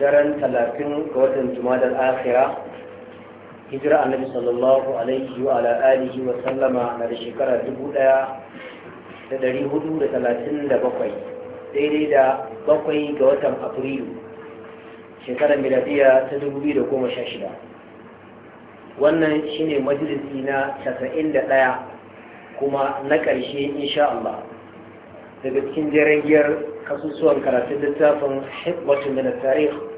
daren talatin ga watan jumadar akhira hijira annabi sallallahu alaihi wa ala alihi wa sallama na da shekara dubu daya da dari hudu da talatin da bakwai daidai da bakwai ga watan afrilu shekarar miladiya ta dubu biyu da goma sha shida wannan shine majalisi na casa'in da ɗaya kuma na ƙarshe insha Allah daga cikin jirgiyar kasusuwan karatun littafin hikmatun da na tarih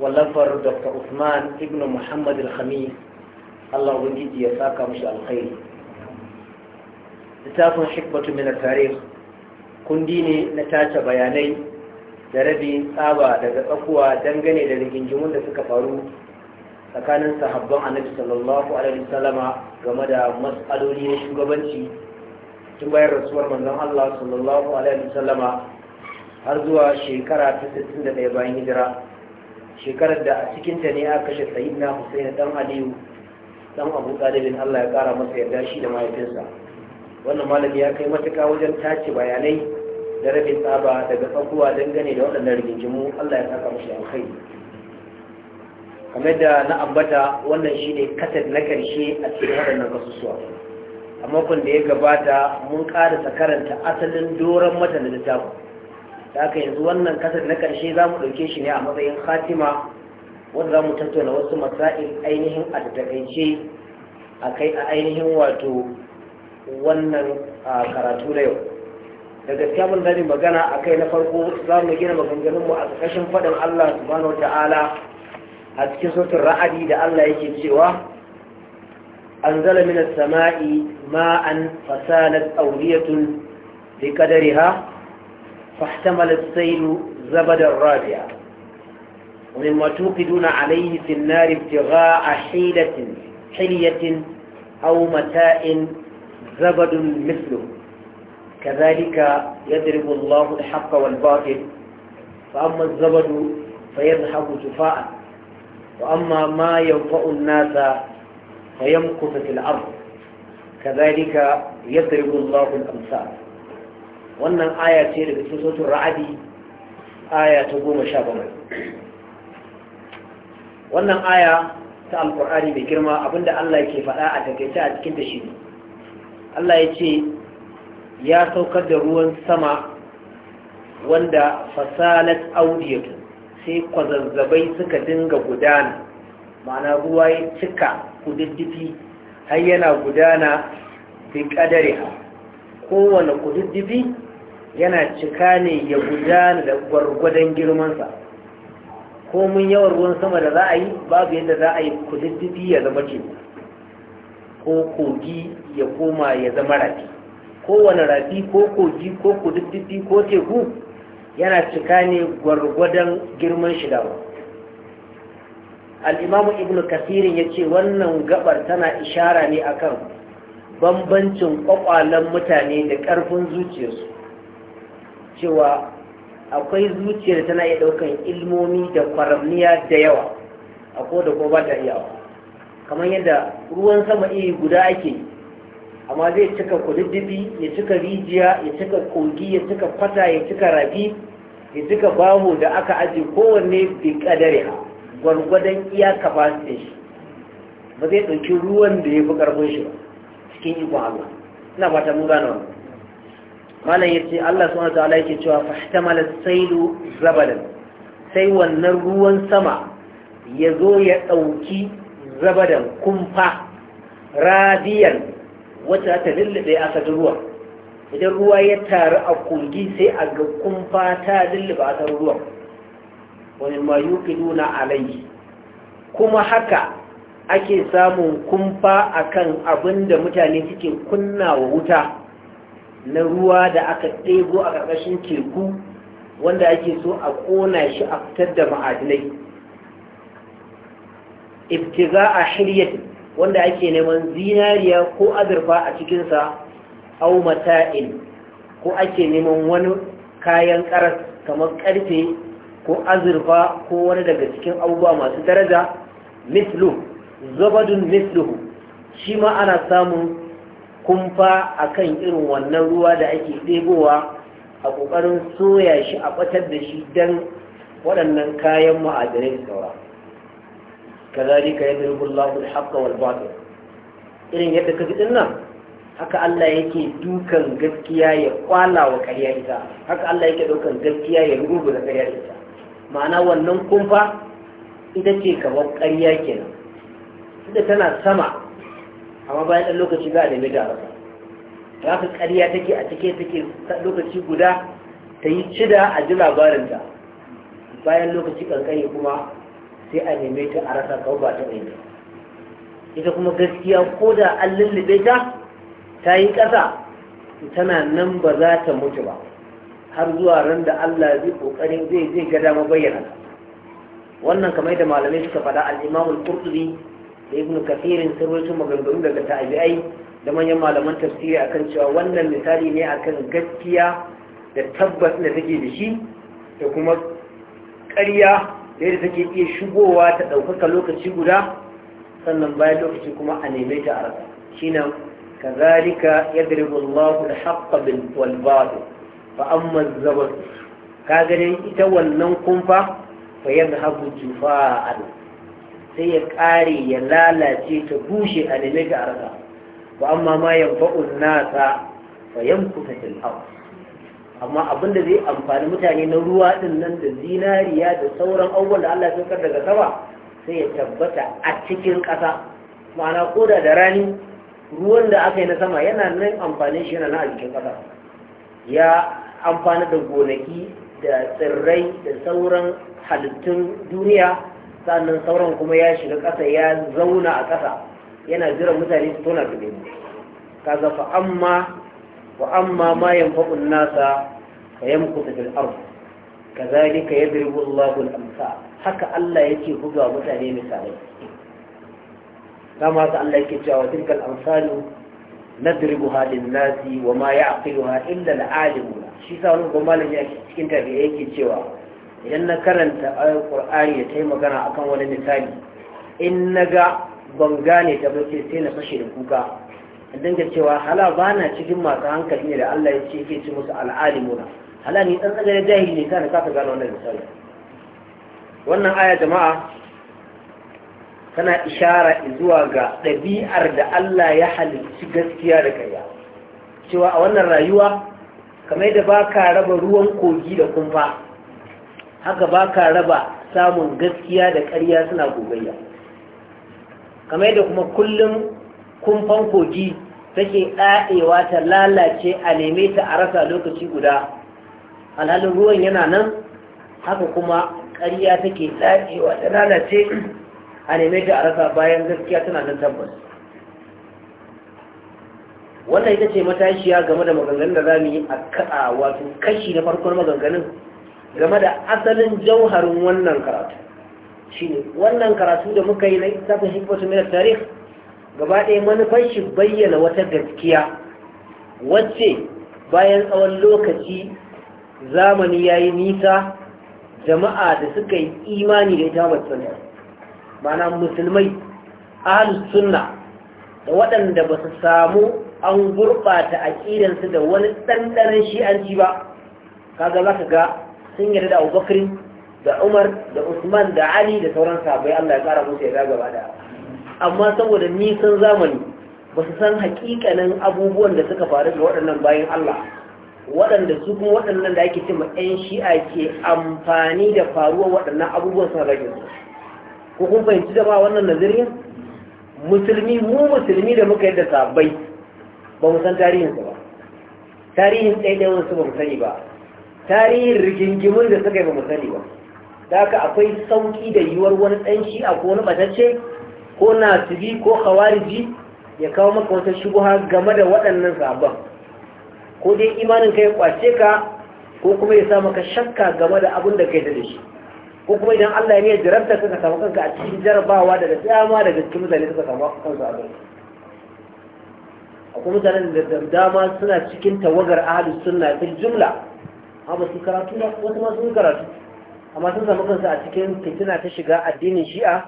wallafar dr usman ibn muhammad al-khamis allah ubangiji ya saka mashi alkhairi littafin hikmatu min tarikh kundi ne na tace bayanai da rabi tsaba daga tsakuwa dangane da rigingimun da suka faru tsakanin sahabban annabi sallallahu alaihi wasallama game da matsaloli na shugabanci tun bayan rasuwar manzon Allah sallallahu alaihi wasallama har zuwa shekara ta 61 bayan hijira shekarar da a cikinta ne aka kashe na Hussein dan Aliyu dan Abu Talib Allah ya kara masa yarda shi da mahaifinsa wannan malami ya kai matuka wajen tace bayanai da rabin tsaba daga tsakuwa dangane da waɗannan rigingimu Allah ya saka mashi alkhairi kamar da na ambata wannan shi ne katar na karshe a cikin waɗannan kasusuwa a makon da ya gabata mun ƙarasa karanta asalin doron mata na littafin da haka yanzu wannan kasar na ƙarshe za mu ɗauke shi ne a matsayin khatima wanda za mu tattauna wasu matsa'il ainihin a takaice a kai a ainihin wato wannan karatu na yau da gaskiya mun magana a kai na farko za mu gina maganganunmu a ƙarƙashin faɗin allah subhanahu ta'ala a cikin sautin ra'adi da allah yake cewa أنزل من السماء ماء auriyatun أولية ha? فاحتمل السيل زبد الرابع ومما توقدون عليه في النار ابتغاء حيلة حلية أو متاء زبد مثله كذلك يضرب الله الحق والباطل فأما الزبد فيذهب جفاء وأما ما ينفع الناس فيمكث في الأرض كذلك يضرب الله الأمثال wannan aya ce daga cikin sautin ra'adi aya ta goma sha bakwai wannan aya ta alkur'ani mai girma abinda Allah ke faɗa a takaice a cikin da shi Allah ya ce ya saukar da ruwan sama wanda fasalat audiyatu sai kwazazzabai suka dinga gudana ma'ana ruwa ya cika kududdufi har yana gudana bi kowane kududdufi yana cika ne ya gudana da gwargwadon girmansa ko mun yawan ruwan sama da za a yi babu yadda za a yi kududdufi ya zama teku ko kogi ya koma ya zama rafi kowane rafi ko kogi ko kududdufi ko teku yana cika ne gwargwadon girman shi dawa al'imamu ibn kasirin ya ce wannan gabar tana ishara ne akan bambancin kwakwalen mutane da ƙarfin zuciyarsu cewa akwai zuciyar tana iya ɗaukan ilmomi da kwaramniya da yawa a ko da ba ta iyawa kamar yadda ruwan sama iri guda ake amma zai cika kududdubi, ya cika rijiya ya cika kogi ya cika fata ya cika rabi, ya cika bahu da aka aji, kowanne bi kadare gwargwadon iya capacity shi ba zai ɗauki ruwan da ya fi ƙarfin shi ba cikin ikon Allah ina fata mun gane wannan malam yace Allah subhanahu wataala yake cewa fahtamala sailu sai wannan ruwan sama ya zo ya dauki zabadan kumfa radiyan wata ta lullube asadin ruwa idan ruwa ya taru a kungi sai a ga kumfa ta lullube asadin ruwa wani ma yuqiduna alayhi kuma haka ake samun kumfa akan abin da mutane suke kunna wuta na ruwa da aka ɗebo a ƙarƙashin teku wanda ake so a ƙona shi a fitar da ma'adinai Iftiga a shiryat wanda ake neman zinariya ko azurfa a cikinsa au mata'in ko ake neman wani kayan ƙaras kamar ƙarfe ko azurfa ko wani daga cikin abubuwa masu daraja mislu zubadun misluhu shi ma ana samun kumfa akan irin wannan ruwa da ake ɗebowa a ƙoƙarin soya shi a ɓatar da shi don waɗannan kayan da saura kazalika yadribullahu al-haqqa wal batil irin yadda ka fi nan haka Allah yake dukan gaskiya ya kwala wa ita haka Allah yake dukan gaskiya ya rubu da ƙarya ita ma'ana wannan kumfa ita ce kamar ƙarya kenan ita tana sama amma bayan ɗan lokaci za a neme ta ta haka ƙarya take a cike take lokaci guda ta yi cida a ji labarinta bayan lokaci ƙanƙani kuma sai a neme ta a rasa kawo ba ta ɗaya ita kuma gaskiya ko da an lullube ta ta yi ƙasa tana nan ba za ta mutu ba har zuwa ran da Allah zai ƙoƙarin zai zai ga dama bayyana wannan kamar da malamai suka faɗa al-Imam al-Qurtubi da ibn kafirin sun rawaito maganganu daga tabi'ai da manyan malaman tafsiri akan cewa wannan misali ne akan gaskiya da tabbas da take da shi da kuma ƙarya da yadda take iya shigowa ta ɗaukaka lokaci guda sannan bayan lokaci kuma a neme ta a rasa shine kazalika yadda Allahu al-haqqa bil wal fa ka ganin ita wannan kumfa fa a jufa'an sai ya ƙare ya lalace ta bushe a neme ga arza Ba amma ma ba'un nasa fa yankuta fil ardh amma abin da zai amfani mutane na ruwa din nan da zinariya da sauran abubuwan da Allah ya saukar daga sama sai ya tabbata a cikin ƙasa ma'ana koda da rani ruwan da aka yi na sama yana nan amfanin shi yana na a cikin ƙasa ya amfana da gonaki da tsirrai da sauran halittun duniya sannan sauran kuma ya shiga ƙasa ya zauna a ƙasa yana jiran mutane su tona su nemo za fa amma wa amma ma yanfa'un nasa fa yamkutu fil ard kazalika yadribu Allahu al amsa haka Allah yake buga mutane misalai kama ta Allah yake cewa tilka al-amsalu nadribuha lin-nasi wa ma ya'qiluha illa al-alimuna shi sa wani gwamnati cikin tabi'a yake cewa idan na karanta ayar qur'ani da tayi magana akan wani misali in na ga ban gane ta ba sai na fashe da kuka dinga cewa hala ba na cikin masu hankali ne da Allah ya ce ke ci musu muna hala ni ɗan tsagare jahili ne kana kafa gane wannan misali wannan aya jama'a tana ishara zuwa ga ɗabi'ar da Allah ya halicci gaskiya da karya. cewa a wannan rayuwa kamai da ba ka raba ruwan kogi da kumfa haka ba ka raba samun gaskiya da ƙarya suna gogayya kamar yadda kuma kullum kumfan kogi take ɗaɗewa ta lalace a neme ta a rasa lokaci guda alhalin ruwan yana nan haka kuma ƙarya take ɗaɗewa ta lalace a neme ta a rasa bayan gaskiya tana nan tabbas wannan ita ce matashiya game da maganganun da za mu yi a wato kashi na farkon maganganun game da asalin jauharin wannan karatu ne wannan karatu da muka yi na safin hikmatu mai tarih gaba ɗaya manufar shi bayyana wata gaskiya wacce bayan tsawon lokaci zamani ya yi nisa jama'a da suka yi imani da ita wacce mana musulmai ahalus sunna da waɗanda ba su samu an gurɓata aƙidansu da wani ɗanɗanin shi'anci ba kaga za ka ga sun yarda da Abubakar da Umar da Usman da Ali da sauran sahabbai Allah ya kara musu ga gaba da amma saboda nisan zamani ba su san hakikanin abubuwan da suka faru da waɗannan bayan Allah waɗanda su kuma waɗannan da ake cewa 'yan shi'a ke amfani da faruwa waɗannan abubuwan sun rage su ko kun fahimci da ba wannan nazarin musulmi mu musulmi da muka yadda sabai ba mu san tarihinsa ba tarihin ɗaiɗaiwar su ba mu sani ba tarihin rigingimun da suka yi ba musali sani ba da haka akwai sauƙi da yiwuwar wani ɗanshi a ko wani ɓatacce ko nasibi ko khawariji ya kawo maka wata shubuha game da waɗannan sabon ko dai imanin ka kwace ka ko kuma ya sa maka shakka game da abin da kai da shi ko kuma idan Allah ya ne jarabta ka samu kanka a cikin jarabawa daga dama daga cikin mutane suka samu kansu a gari akwai mutanen da dama suna cikin tawagar ahlus sunna fil jumla amma ba su karatu ba wasu ma sun karatu amma sun samu kansu a cikin fitina ta shiga addinin shi'a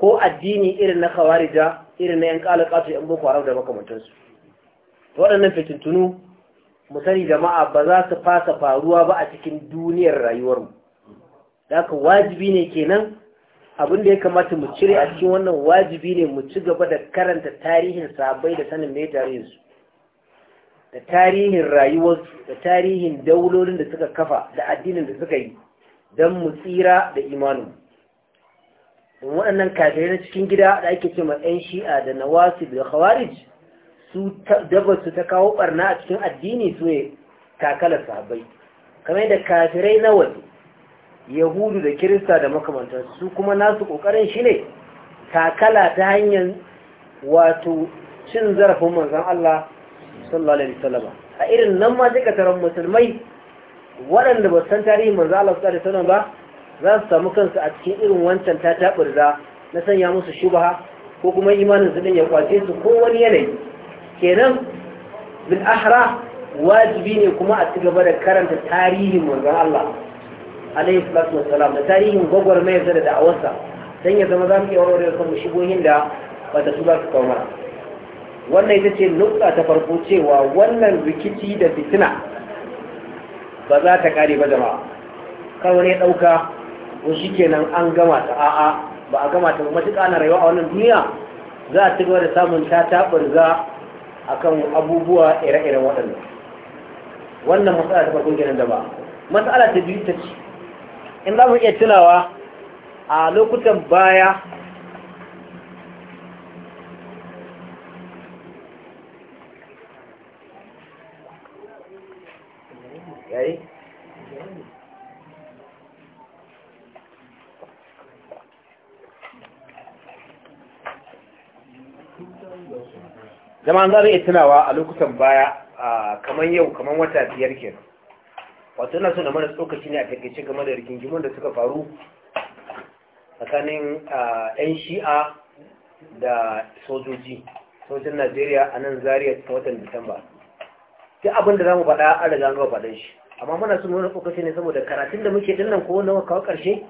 ko addini irin na khawarija irin na yan kalakatu yan boko haram da makamantansu waɗannan fitintunu mu sani jama'a ba za su fasa faruwa ba a cikin duniyar rayuwarmu da haka wajibi ne kenan abin da ya kamata mu cire a cikin wannan wajibi ne mu ci gaba da karanta tarihin sabai da sanin mai tarihinsu da tarihin rayuwarsu da tarihin daulolin da suka kafa da addinin da suka yi don mu tsira da imanin waɗannan kafirai na cikin gida da ake ce ma 'yan shi'a da nawasu da khawarij su su ta kawo ɓarna a cikin addini su ne takalar sahabbai kamar da kafirai na waje yahudu da kirista da makamantar su kuma nasu ƙoƙarin shi ne takala ta hanyar wato cin zarafin manzan Allah sallallahu alaihi wasallam a irin nan ma sai taron musulmai waɗanda ba san tarihin manzo Allah sallallahu alaihi ba za su samu kansu a cikin irin wancan ta taburza na sanya musu shubha ko kuma imanin su din ya kwace su ko wani yanayi kenan bil ahra wajibi ne kuma a cigaba da karanta tarihin manzon Allah alaihi salatu wassalam da tarihin gwagwarmayarsa da da'awarsa dan ya zama za mu iya warware kan shigohin da ba ta su ba su kawo wannan ita ce nutsa ta farko cewa wannan rikici da fitina ba za ta kare ba jama'a kawai ne ɗauka ko shi kenan an gama ta a'a ba a gama ta matuƙa na rayuwa a wannan duniya za a cigaba da samun ta za a kan abubuwa ire-iren waɗannan wannan matsala ta farko kenan da ba matsala ta biyu ta ce in za mu iya tunawa a lokutan baya zama za iya tunawa a lokutan baya kamar yau kamar wata biyar ke wato na suna mana tsokaci ne a takaice game da rigingimun da suka faru tsakanin 'yan shi'a da sojoji sojin najeriya a nan zariya cikin watan disamba ta abinda za mu faɗa an da zanuwa shi amma muna sun wani kokaci ne saboda karatun da muke dinnan ko wanda kawo karshe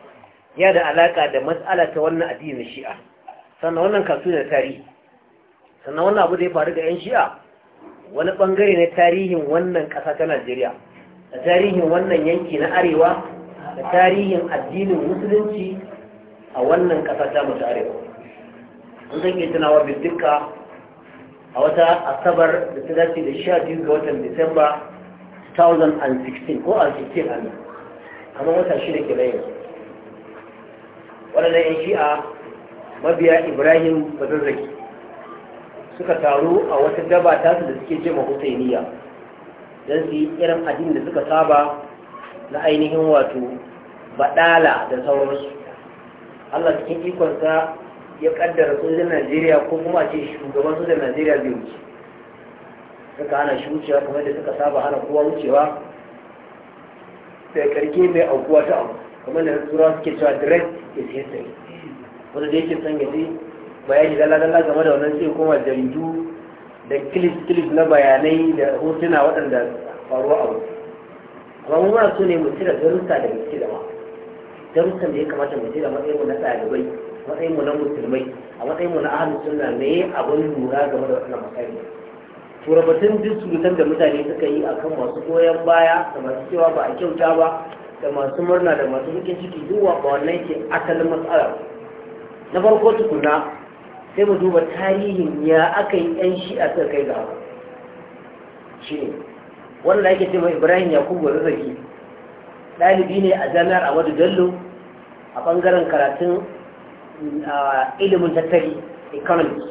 ya da alaka da matsala ta wannan addinin shi'a sannan wannan kasu ne tarihi sannan wannan abu da ya faru ga yan shi'a wani bangare ne tarihin wannan kasa ta Najeriya da tarihin wannan yanki na arewa da tarihin addinin musulunci a wannan kasa ta mu arewa an zan ke tunawa bi dukka a wata asabar da ta dace da sha biyu ga watan disamba 2016 ko a 16 ne kamar wata da ke bayan waɗannan 'yan shi'a mabiya ibrahim bazarraki suka taru a wata daba tasu da suke jima husainiya don su yi irin addini da suka saba na ainihin wato baɗala da sauransu allah cikin ikonsa ya ƙaddara sojin najeriya ko kuma a ce shugaban sojin najeriya zai wuce suka hana shi wucewa kamar da suka saba hana kowa wucewa sai karke mai aukuwa ta abu kamar da tura suke cewa direct is history wanda da yake sanya yaji bayani dalla-dalla game da wannan sai kuma jaridu da clip-clip na bayanai da hotuna waɗanda faruwa abu amma mu ma so ne mu cire darussa da gaske da ma darussan da ya kamata mu cire matsayin mu na ɗalibai matsayin mu na musulmai a matsayin mu na ahlus sunna me abin lura game da wannan matsayin turabatun duk surutan da mutane suka yi a kan masu goyon baya da masu cewa ba a kyauta ba da masu murna da masu rikin ciki zuwa ba wannan ke asalin matsala na farko tukuna sai mu duba tarihin ya aka yi yan shi a suka kai ga shi ne wanda ake cewa ibrahim yakubu zazzaki ɗalibi ne a jami'ar amadu bello a ɓangaren karatun ilimin tattali economics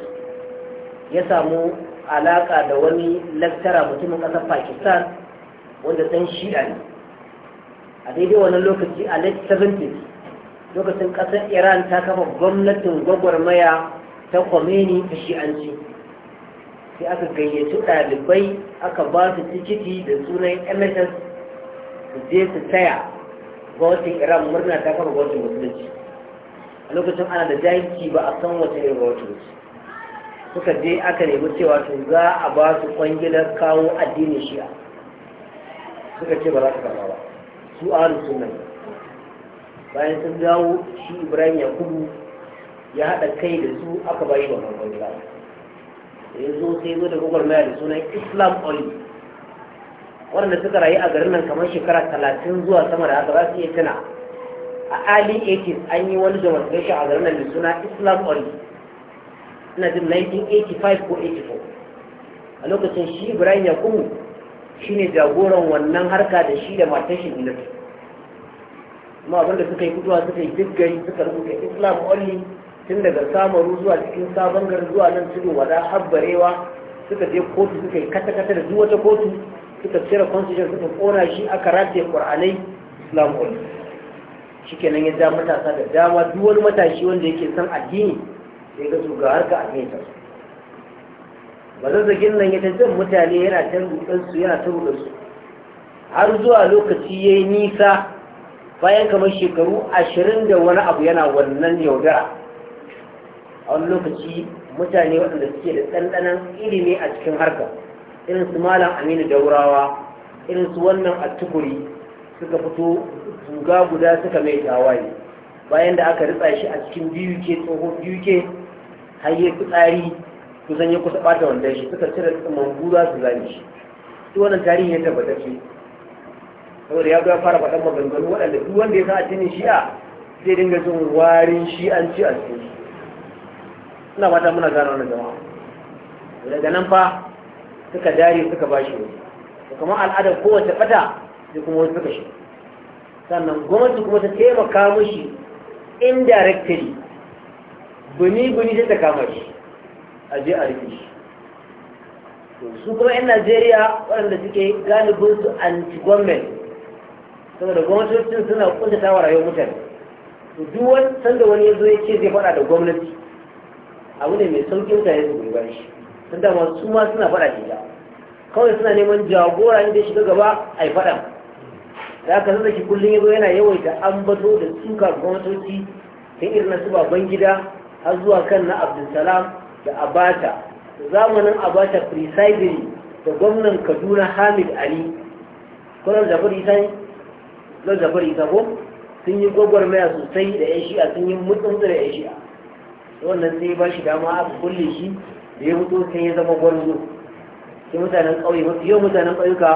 ya samu alaka da wani laktara mutumin ƙasar pakistan wanda ɗan shida ne a daidai wani lokaci a late 70s lokacin ƙasar iran ta kafa gwamnatin gwagwarmaya ta kwameni ta shi'anci sai aka gayyaci ɗalibai aka ba su tikiti da sunan mss su je su taya gwamnatin iran murna ta kafa gwamnatin musulunci a lokacin ana da jahilci ba a san wata irin gwamnatin musulunci suka je aka nemi cewa to za a ba su kwangilar kawo addinin shi'a suka ce ba za su karba ba su ahlus sunna bayan sun dawo shi ibrahim ya kudu ya haɗa kai da su aka bayi wa kan kwangila da ya zo sai zo da gwagwarmaya da sunan islam oil waɗanda suka rayu a garin nan kamar shekara talatin zuwa sama da haka za su iya tuna a ali 80 an yi wani demonstration a garin nan da suna islam oil ina jin 1985 ko 84 a lokacin shi ibrahim yakubu ne jagoran wannan harka da shi da matan shi ilatu kuma abinda suka yi fitowa suka yi diggari suka rubuta islam only tun daga samaru zuwa cikin sabon gari zuwa nan cikin wada habbarewa suka je kotu suka yi kata-kata da duwata kotu suka cire constitution suka kona shi aka rataye qur'anai islam only shikenan ya ja matasa da dama duk wani matashi wanda yake son addini sai ga su ga harka a kai ta bazazzakin nan ya ta mutane yana ta rudansu yana ta rudansu har zuwa lokaci ya yi nisa bayan kamar shekaru ashirin da wani abu yana wannan yaudara a wani lokaci mutane waɗanda suke da ɗanɗanan ilimi a cikin harka irin su malam aminu daurawa irin su wannan a tukuri suka fito tuga guda suka mai tawaye bayan da aka ritsa shi a cikin biyu ke tsohon biyu ke har tsari fitsari zan yi kusa ɓata wanda shi suka cire kuma gura su zane shi duk wannan tarihi ya tabbata ce saboda ya zo ya fara faɗan maganganu waɗanda duk wanda ya san addinin shi'a zai dinga jin warin shi'anci a cikin shi ina fata muna gano wannan jama'a daga nan fa suka dare suka ba shi wani kuma al'adar kowace fata sai kuma wani suka shi sannan gwamnati kuma ta taimaka mushi indirectly guni-guni sai ta kama shi a je a rike shi su kuma 'yan najeriya waɗanda suke galibin su anti-gwamnan saboda gwamnatocin suna kuntata wa rayuwar mutane duk wani sanda wani ya zo ya ce zai faɗa da gwamnati abu ne mai sauƙi mutane su gurbar shi sun dama su ma suna faɗa shi kawai suna neman jagora inda shiga gaba a yi faɗa da aka zama shi kullum ya zo yana yawaita ambato da suka gwamnatoci ta irin na su babban gida har zuwa kan na abdulsalam da abata zamanin abata presiding da gwamnan kaduna hamid ali kunan zafari sai zan zafari ko sun yi gwagwarmaya sosai da yan shi'a sun yi mutuntu da yan shi'a wannan sai ba shi dama aka kulle shi da ya mutu sai ya zama gwarzo sai mutanen ƙauye mafi yau mutanen ƙauyuka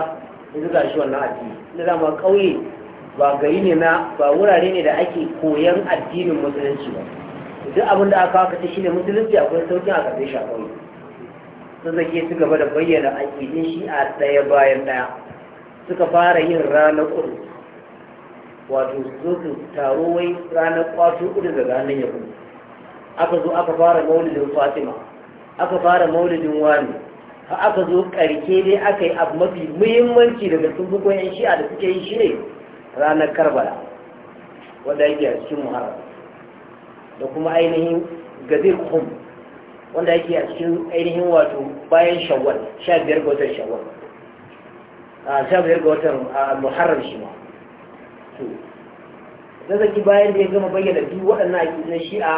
da suka shi wannan addini da dama ƙauye ba gari ne na ba wurare ne da ake koyan addinin musulunci ba duk abin da aka kace shine musulunci akwai sauki a karbe shi akwai kawai zake su gaba da bayyana aƙidin shi a ɗaya bayan ɗaya suka fara yin ranar ƙudu wato su su taro wai ranar ƙwato ƙudu daga hannun kuma. aka zo aka fara maulidin fatima aka fara maulidin wani fa aka zo ƙarke dai aka yi abu mafi muhimmanci daga sun bukon yan shi'a da suke yi shi ne ranar karbala wanda yake a cikin muharram da kuma ainihin gazir kum wanda yake a cikin ainihin wato bayan shawwal sha biyar ga watan shawwal a sha biyar ga watan muharram shi ma to zaki bayan da ya gama bayyana duk waɗannan aƙidu na shi'a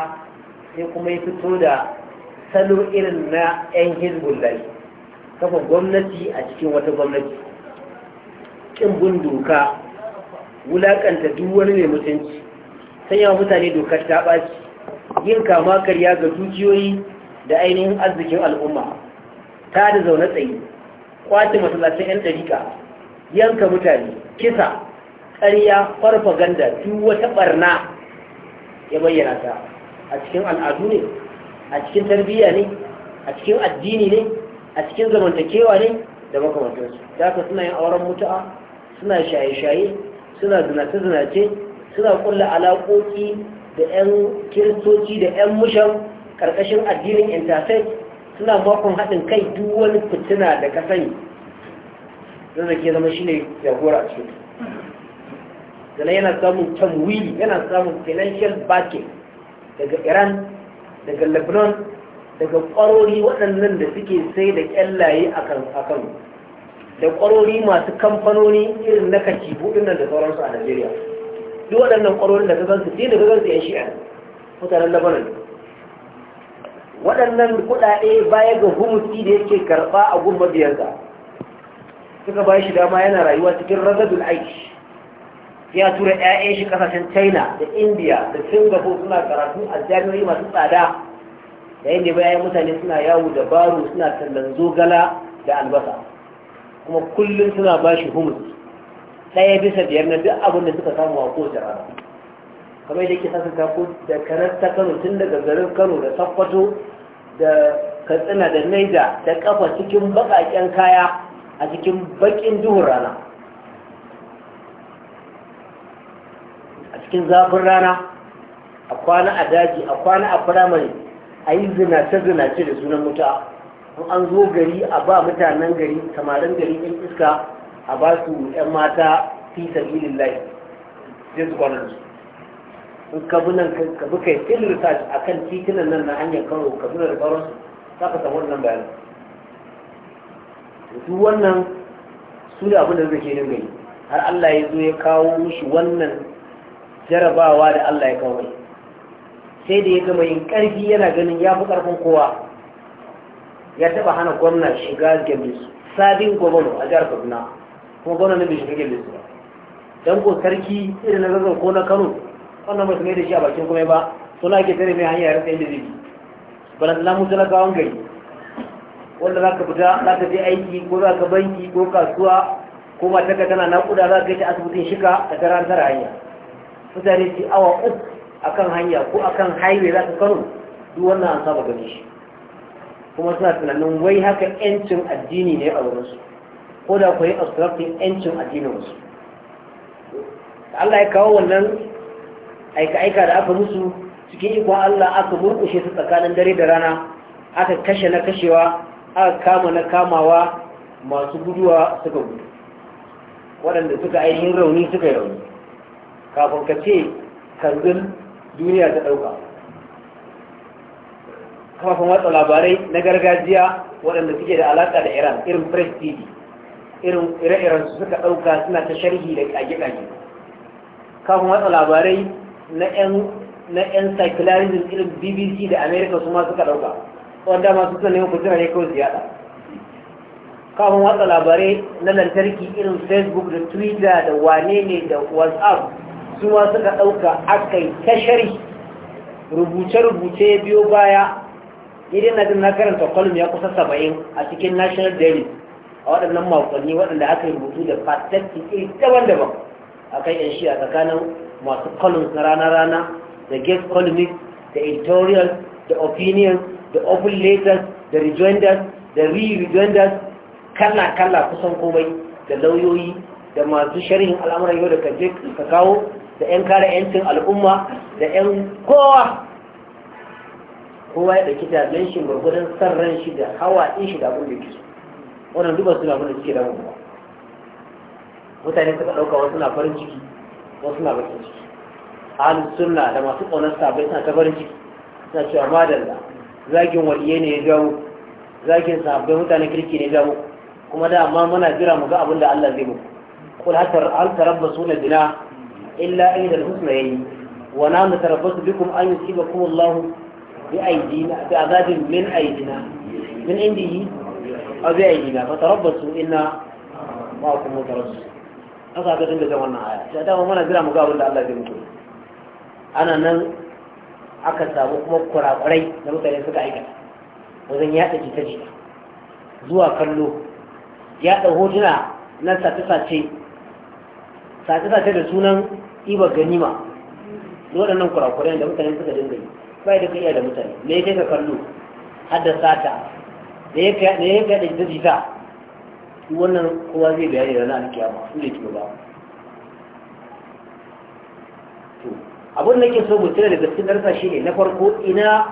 sai kuma ya fito da salo irin na 'yan hezbollah kafa gwamnati a cikin wata gwamnati kin bin doka wulaƙanta duk wani mai mutunci sanya mutane dokar ta ɓaci yin kama karya ga dukiyoyi da ainihin arzikin al'umma ta da zaune tsaye kwace masallacin 'yan ɗarika yanka mutane kisa ƙarya farfaganda duk wata ɓarna ya bayyana ta a cikin al'adu ne a cikin tarbiyya ne a cikin addini ne a cikin zamantakewa ne da makamantarsu da ka suna yin auren mutu'a suna shaye-shaye suna zinace-zinace suna kulla alaƙoƙi da 'yan kiristoci da 'yan mushan ƙarƙashin addinin interfaith suna makon haɗin kai duk wani fitina da ka sani zan zake zama shi ne jagora a cikin zana yana samun tamwili yana samun financial backing daga iran daga lebanon daga ƙwarori waɗannan da suke sai da ƙyallaye a kan da ƙwarori masu kamfanoni irin na kacibu nan da sauransu a najeriya duk waɗannan ƙwarorin da ka gansu sai da ka gansu yan shi'a mutanen labanan waɗannan kuɗaɗe baya ga humusi da yake karɓa a gun mabiyarsa suka ba shi dama yana rayuwa cikin ragadul aish ya tura 'ya'yan shi ƙasashen china da india da singapore suna karatu a jami'o'i masu tsada yayin da bayan mutane suna yawo da baro suna tallan zogala da albasa kuma kullum suna ba shi humusi ɗaya bisa biyar na duk abin da suka samu a kowace rana kamar yadda ke sasa kako da kanar kano tun daga garin kano da tabbato da katsina da naija da kafa cikin baƙaƙen kaya a cikin baƙin duhun rana a cikin zafin rana a kwana a daji a kwana a firamare a yi zinace-zinace da sunan mutu'a an zo gari a ba mutanen gari samarin gari ɗin iska a ba su 'yan mata fi sabilin lai sai su kwanar su in ka bi nan ka bi kai fil research a kan titunan nan na hanyar karo ka bi da baron za ka samu wannan bayan. su wannan su da abin da zai ke yin mai har Allah ya zo ya kawo mishi wannan jarabawa da Allah ya kawo sai da ya gama yin ƙarfi yana ganin ya fi ƙarfin kowa ya taɓa hana gwamna shiga gami sabin gwamna a jihar kaduna kuma gwamnan nan bai shiga gillis ba dan ko sarki irin na zazzau ko na kano wannan mai da shi a bakin kuma ba suna ake tare mai hanya rasa inda zai balan lamu talakawan gari wanda za ka fita za ka je aiki ko za ka banki ko kasuwa ko ba taka tana naƙuda za ka yi ta asibitin shika a ta rantar hanya mutane su awa uku akan hanya ko akan highway za ka kano duk wannan an saba gani shi kuma suna tunanin wai haka yancin addini ne a wurinsu ko da ku yi obstructing yancin addinin wasu Allah ya kawo wannan aika-aika da aka musu cikin ikon Allah aka murkushe su tsakanin dare da rana aka kashe na kashewa aka kama na kamawa masu guduwa suka gudu waɗanda suka ainihin rauni suka rauni kafin ka ce kanzun duniya ta ɗauka kafin watsa labarai na gargajiya waɗanda suke da alaƙa da iran irin prestige irin ire-iren su suka ɗauka suna ta sharhi da ƙage-ƙage kafin watsa labarai na 'yan secularism irin bbc da america su ma suka ɗauka wanda masu suna neman kutura ne kawai ziyada kafin watsa labarai na lantarki irin facebook da twitter da wane ne da whatsapp su ma suka ɗauka aka yi ta sharhi rubuce-rubuce biyo baya idan na jin na karanta kolum ya kusa saba'in a cikin national daily a waɗannan makonni waɗanda aka yi rubutu da fatanti iri daban-daban a kan yan a tsakanin masu columns na rana-rana da guest columnist da editorial da opinion da open letters da rejoinders da re-rejoinders kalla-kalla kusan komai da lauyoyi da masu sharhin al'amuran yau da kaje ka kawo da 'yan kare 'yancin al'umma da 'yan kowa kowa ya ɗauki tafiyan gwargwadon san ran shi da hawa ɗin shi da abin da ke so wannan duba suna mana suke damu ba mutane suka ɗauka wasu na farin ciki wasu na bakin ciki halin sunna da masu ƙaunar sabai suna ta farin ciki suna cewa madalla zagin waliyai ne ya jawo zagin sabai mutane kirki ne ya jawo kuma da amma muna jira mu ga abin da Allah zai muku kul hal tarabbasu na bina illa inda husna yayi wa na nutarabbasu bikum an yusibakum Allah bi aidina bi azabin min aidina min indihi a zai yi na fatarabbasu ina ma kuma mutarabbasu an sa ka tunda wannan aya sai dama mana jira mu ga abin da Allah zai mutu ana nan aka samu kuma kurakurai da mutane suka aikata wajen yaɗa jita-jita zuwa kallo yaɗa hotuna na sace-sace sace-sace da sunan ibar ganima da waɗannan kurakurai da mutane suka dinga yi bai da iya da mutane me ya kai ka kallo haddasa ta da ya kaɗa da jita jita wannan kowa zai bayani da ranar ba su ne ke ba abin da ke so mu da daga cikin shi ne na farko ina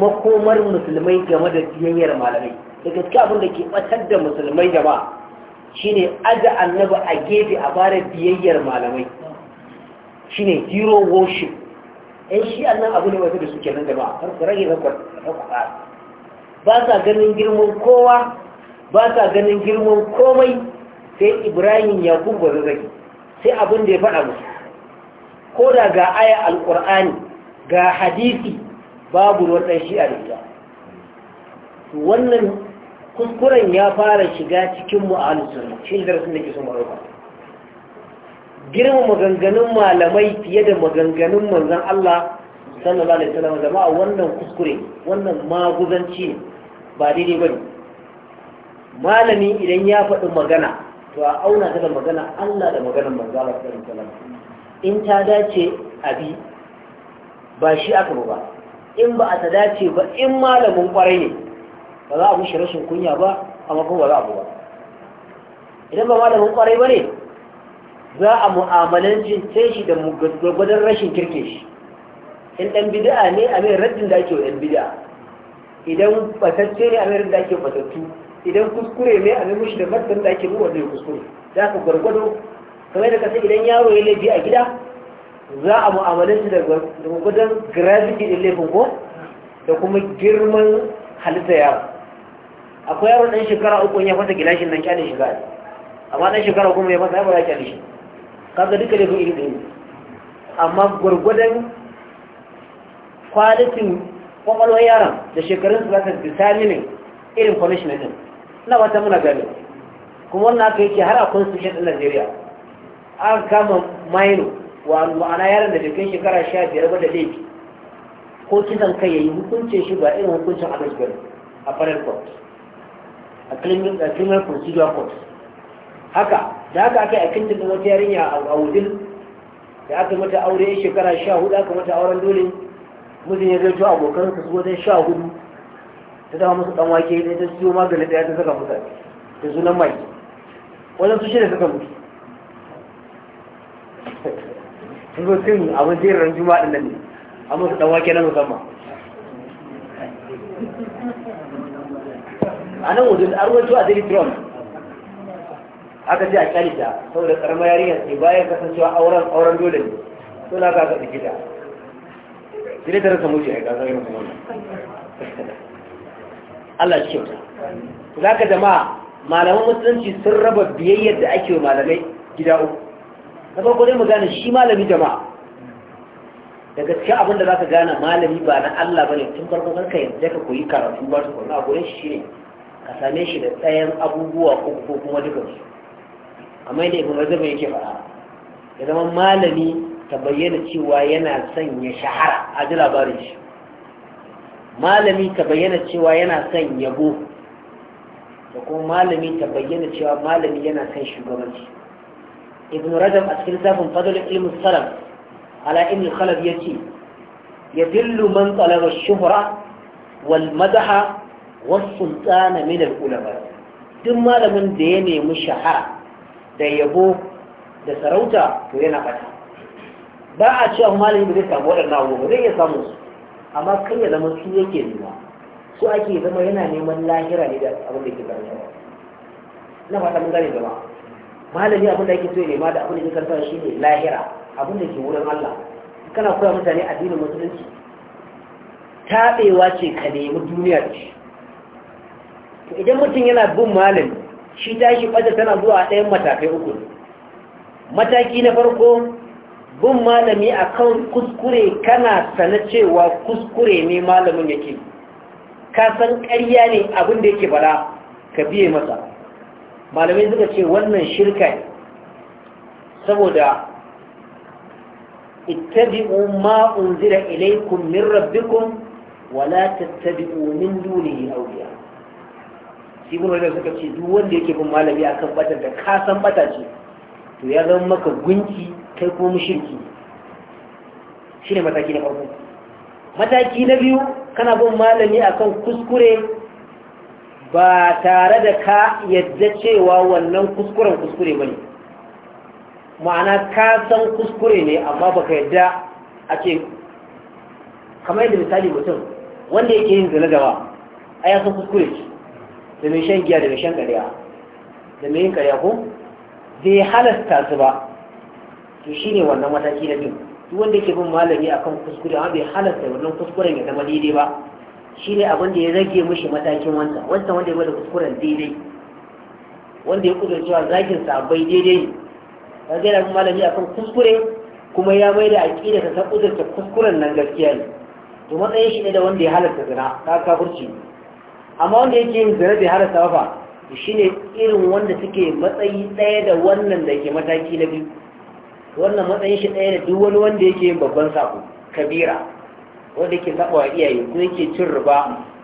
makomar musulmai game da biyayyar malamai da gaske abin da ke ɓatar da musulmai shi shine aja annaba a gefe a bare biyayyar malamai Shi ne zero worship ɗan shi annan abu ne wata da suke nan ba har su rage rakwar rakwar ba sa ganin girman kowa ba sa ganin girman komai sai ibrahim ya kumba zazzaki sai abin da ya faɗa musu ko da ga aya alƙur'ani ga hadisi babu ruwan shi a da wannan kuskuren ya fara shiga cikin mu'alusun shi da darasin da ke so maroba girma maganganun malamai fiye da maganganun manzan Allah sallallahu alaihi wasallam jama'a wannan kuskure wannan maguzanci ne ba daidai ba ne malami idan ya faɗi magana to a auna ta da magana allah da maganar manzala sallallahu alaihi in ta dace abi ba shi aka ba in ba a ta dace ba in malamin kwarai ne ba za a mushi rashin kunya ba amma kuma ba za a ba idan ba malamin kwarai ba ne za a mu'amalancin sai shi da gwagwadon rashin kirke shi in ɗan bida ne a mai raddin da ake wa ɗan bida idan fatacce ne a mayar da ake batattu idan kuskure ne a mushi da martan da ake ruwa zai kuskure za ka gwargwado kamar da kasa idan yaro ya laifi a gida za a mu'amalanci da gwargwadon gravity din laifin ko da kuma girman halitta yaro akwai yaro ɗan shekara uku ya fasa gilashin nan kyanin shiga ne amma ɗan shekara kuma ya fasa ya kyanin shi kaga duka laifin iri ɗaya amma gwargwadon kwalitin kwakwalwar yaron da shekarun su zaka determining irin punishment din na wata muna gani kuma wannan aka yake har a constitution din Najeriya an kama minor wa ma'ana yaron da jikin kai shekara sha biyar wadda laifi ko kisan kai yayi hukuncin shi ba irin hukuncin adult bane a federal court a criminal procedure court haka da haka aka yi a kintin wata yarinya a wudin da aka mata aure shekara sha hudu aka mata auren dole mutum ya gaito abokansa su wajen sha hudu ta dama musu dan wake ne ta siyo maganin daya ta saka mutane da sunan mai wajen su shida saka mutu sun zo cin abin jerin juma'a ɗin nan ne a musu dan wake na musamman a nan wajen arwar ruwaito a daily trump aka ce a kyalita saboda karamar yarinyar ce bayan kasancewa auren auren dole ne suna ka ga gida sai dai ta mutu ya gasa irin wannan Allah shi kyauta za ka jama'a malaman musulunci sun raba biyayyar da ake wa malamai gida uku na farko dai mu gane shi malami jama'a da gaskiya abin da za ka gane malami ba na Allah ba ne tun farko kanka yanzu ka koyi karatu ba su kwanna a gurin shi ne ka same shi da tsayan abubuwa ko kuma dukansu amma yadda ibn rajab yake fara. ya zama malami ta bayyana cewa yana son ya shahara a ji labarin shi malami ta bayyana cewa yana son yabo da kuma malami ta bayyana cewa malami yana son shugabanci ibn rajab a cikin zafin fadlul ilmin salam ala ibn khalaf ya ce ya dillu man talaba shuhra wal madaha wasu tsana min al ulama duk malamin da ya nemi shahara da yabo da sarauta to yana fata ba a ce cewa malami ba zai samu waɗannan abubuwa zai iya samu su amma kan ya zama su yake nema su ake zama yana neman lahira ne da abin da ke karanta na fata mun gane zama, malami abin da ake so ya nema da abin da ke karanta shi ne lahira abin da ke wurin Allah kana koya mutane addinin musulunci taɓewa ce ka nemi duniya ce to idan mutum yana bin malami shi tashi ɓata tana zuwa a ɗayan matakai uku mataki na farko bin malami a kan kuskure kana sana cewa kuskure ne malamin yake ka san ƙarya ne abin da yake bara ka biye masa malamai suka ce wannan shirka ne saboda ittabi'u ma unzila ilaykum min rabbikum wa tattabi'u min dunihi awliya sibin wadda suka ce duk wanda yake bin malami akan batar da ka san bata ce to ya zama maka gunki kai kuma shi shine mataki na farko mataki na biyu kana bin malami akan kuskure ba tare da ka yadda cewa wannan kuskuren kuskure ne ma'ana ka san kuskure ne amma baka yadda a ce kamar yadda misali mutum wanda yake yin zane-zane gaba a ya san kuskure ce da mai shan giya da mai shan ƙarya da mai yin ƙarya ko bai halasta su ba to shi ne wannan mataki na biyu duk wanda yake bin malami akan kuskure amma bai halarta wannan kuskuren ya zama daidai ba ne abin da ya rage mishi matakin wancan wancan wanda ya bada kuskuren daidai wanda ya kudurta cewa zagin sabai daidai ne ka ga yana malami akan kuskure kuma ya mai da aƙida ta ta kudurta kuskuren nan gaskiya ne to matsayin shi ne da wanda ya halarta zina ka kafurci amma wanda yake yin zina bai halarta ba ne irin wanda suke matsayi ɗaya da wannan da ke mataki na biyu wannan matsayin shi ɗaya da duk wani wanda yake yin babban sako kabira wanda yake saba wa iyaye ko yake cin riba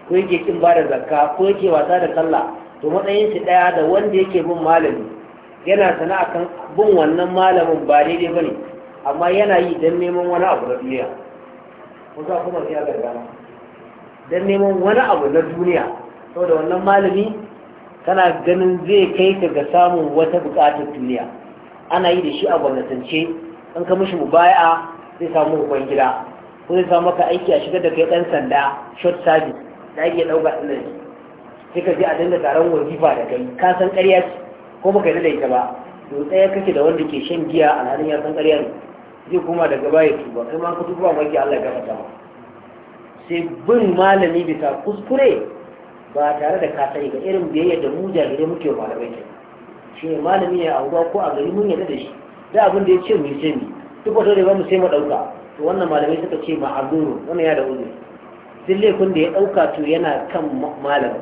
ko yake kin ba da zakka ko yake wasa da sallah to matsayin shi ɗaya da wanda yake bin malami yana sana'a kan bin wannan malamin ba daidai bane amma yana yi don neman wani abu na duniya ko za kuma sai ga dama don neman wani abu na duniya saboda wannan malami kana ganin zai kai ka ga samun wata buƙatar duniya ana yi da shi a gwamnatance in ka mishi mubaya'a zai samu hukun gida ko zai samu maka aiki a shigar da kai dan sanda short service da ake dauka din sai ka je a dinga taron wazifa da kai ka san ƙarya ce ko baka yi da ita ba to tsaya kake da wanda ke shan giya a halin ya san ƙarya ne zai koma daga baya tuba kai ma ka tuba maki Allah ya gafarta ma sai bin malami bisa kuskure ba tare da ka sani ga irin biyayya da mu jahilai muke malamai kenan shi ne malami ya anguwa ko a gari mun yadda da shi da abin da ya ce mu ce mu duk wata da ba mu sai mu ɗauka to wannan malamai suka ce ma azuru wannan ya da uzuri duk laifin da ya ɗauka to yana kan malamin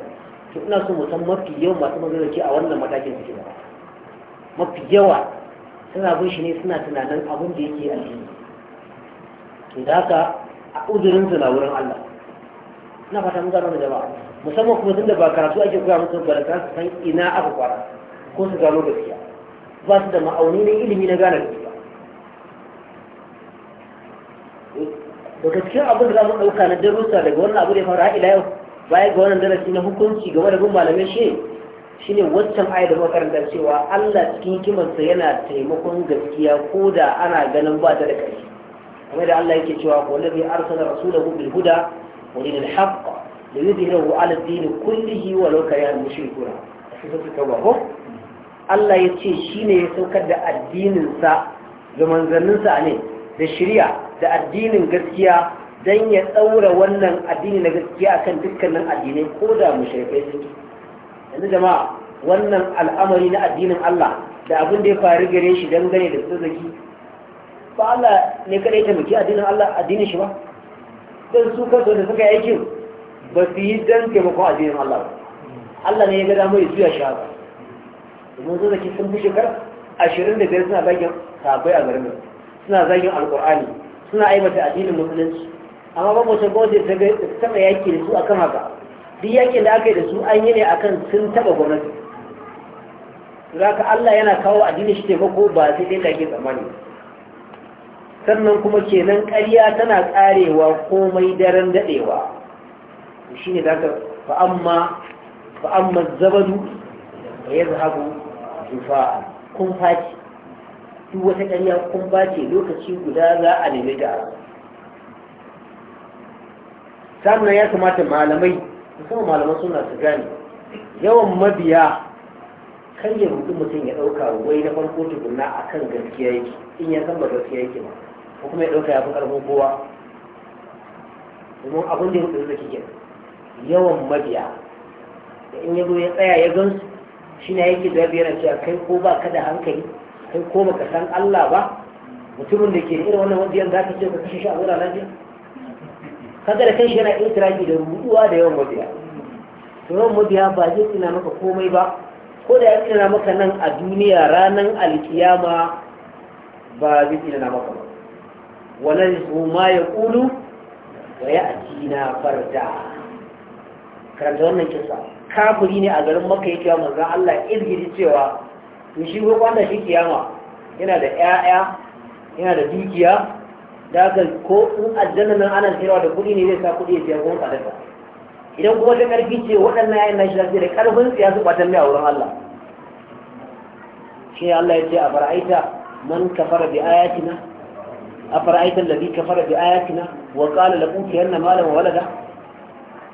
to ina so mu san mafi yawan masu mazarci a wannan matakin suke ba mafi yawa suna bin shi ne suna tunanin abin da yake cikin to da haka a uzurinsu na wurin Allah ina fata mun gano da jama'a musamman kuma tunda ba karatu ake koya musu ba da san ina aka kwara ko su gano gaskiya ba su da ma'auni na ilimi na gane gaskiya Da cikin abin da za mu ɗauka na darussa daga wannan abu da ya faru har ila yau baya ga wannan darasi na hukunci game da bin malamai shi shine waccan ayat da makaranta cewa Allah cikin hikimarsa yana taimakon gaskiya ko da ana ganin ba ta da ƙarfi kamar da Allah yake cewa wallahi arsala rasulahu bil huda wa lil haqq liyudhhirahu ala ad-din kullihi walau kariha al-mushrikuna sai suka ba ko Allah ya ce shi ne ya saukar da addininsa ga manzanninsa ne da shirya da addinin gaskiya don ya ɗaura wannan addini na gaskiya akan dukkanin addinai ko da su ke. yanzu jama wannan al'amari na addinin Allah da abin da ya faru gare shi dangane da tsazaki ba Allah ne kada ya taimaki addinin Allah addinin shi ba don su kansu da suka yi aikin ba su yi don taimakon addinin Allah ba Allah ne ya ga damar ya juya shi haka domin sun zaki sun fi shekar ashirin da biyar suna zagin sabai a garin nan suna zagin alkur'ani suna aibata addinin musulunci amma ba mutum gwamnati ta taɓa yaƙi da su akan haka duk yaƙin da aka yi da su an yi ne akan sun taɓa gwamnati za ka Allah yana kawo addini shi taimako ba sai dai kake tsammani sannan kuma kenan ƙarya tana ƙarewa komai daren daɗewa shi ne za ka fa'amma zabadu da ya zahabu jufa'an kun faci duk wata ƙarya kun bace lokaci guda za a nemi da a sannan ya kamata malamai musamman malaman suna su gane yawan mabiya kan ya rudu mutum ya ɗauka wai na farko tukunna a kan gaskiya yake in ya san ba gaskiya yake ba ko kuma ya ɗauka ya fi ƙarfin kowa domin abin da ya rudu da kike yawan mabiya da in ya zo ya tsaya ya gansu shi ne yake zabi yana cewa kai ko ba ka da hankali kai ko baka san Allah ba mutumin da ke irin wannan wajen za ka ce ka kashe shi a wuraren lafiya kaga da kai shi yana itirafi da rubuwa da yawan mabiya to yawan mabiya ba zai tsina maka komai ba ko da ya tsina maka nan a duniya ranar alkiyama ba zai tsina maka ba wannan ma ya kulu wa ya ajina farda karanta wannan kisa kafiri ne a garin maka ya cewa manzan Allah izgiri cewa shi ko kwanda shi kiyama yana da ƴaƴa yana da dukiya da haka ko in aljanna nan ana sayarwa da kuɗi ne zai sa kuɗi ya biya kuma tsadaka idan kuma ta ƙarfi ce waɗannan yayin nashi zafi da ƙarfin tsiya su ƙwatan mai a wurin Allah shi Allah ya ce a fara'aita man kafara bi ayatina a fara'aita alladhi kafara bi ayatina wa qala la utiyanna malan wa walada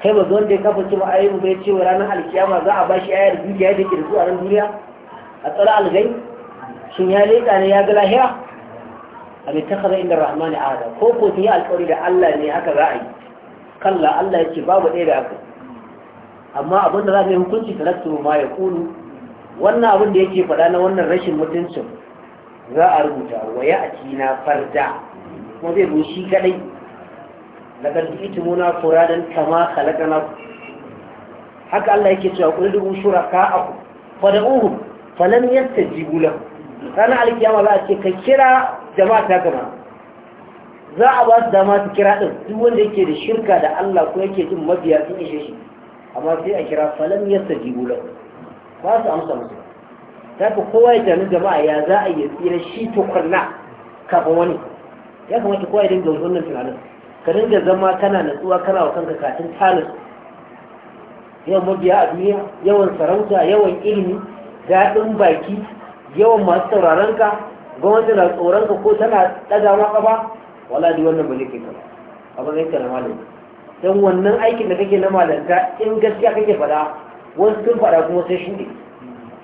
kai ba zuwan da ya kafa cewa a ayyuka bai cewa ranar alkiyama za a bashi ayar dukiya da ke da su a ran duniya a tsara algai shin ya leƙa ne ya ga lahiya? a bai ta kaza inda rahmani ahada ko ko sun yi alƙawari da allah ne haka za a yi kalla allah ya ce babu ɗaya da haka amma abin da za mu yi hukunci talattu ma ya kulu wannan abin da yake faɗa na wannan rashin mutuncin za a rubuta wa ya a na farda kuma zai zo shi kaɗai laqad jitumuna furadan kama khalaqnakum haka Allah yake cewa qul dubu shuraka'akum fad'uhum falam yastajibu lahum ranar alkiyama za a ce ka kira jama'a ta gama za a ba su dama su kira ɗin duk wanda yake da shirka da Allah ko yake jin mabiya sun ishe shi amma sai a kira falam yadda saji gula ba su amsa musu ta ka kowa ya jami jama'a ya za a yi tsira shi to kwanna kafin wani ya kamata kowa ya dinga wannan tunanin ka dinga zama kana natsuwa kana wa kanka katin talis yawan mabiya a duniya yawan sarauta yawan ilimi daɗin baki yawan masu sauraron ka gwamnati na tsoron ka ko tana ɗaga maka ba wala di wannan ba ne ke kama a matsayin ka na malam don wannan aikin da kake na ka in gaskiya kake faɗa wasu sun faɗa kuma sai shuɗe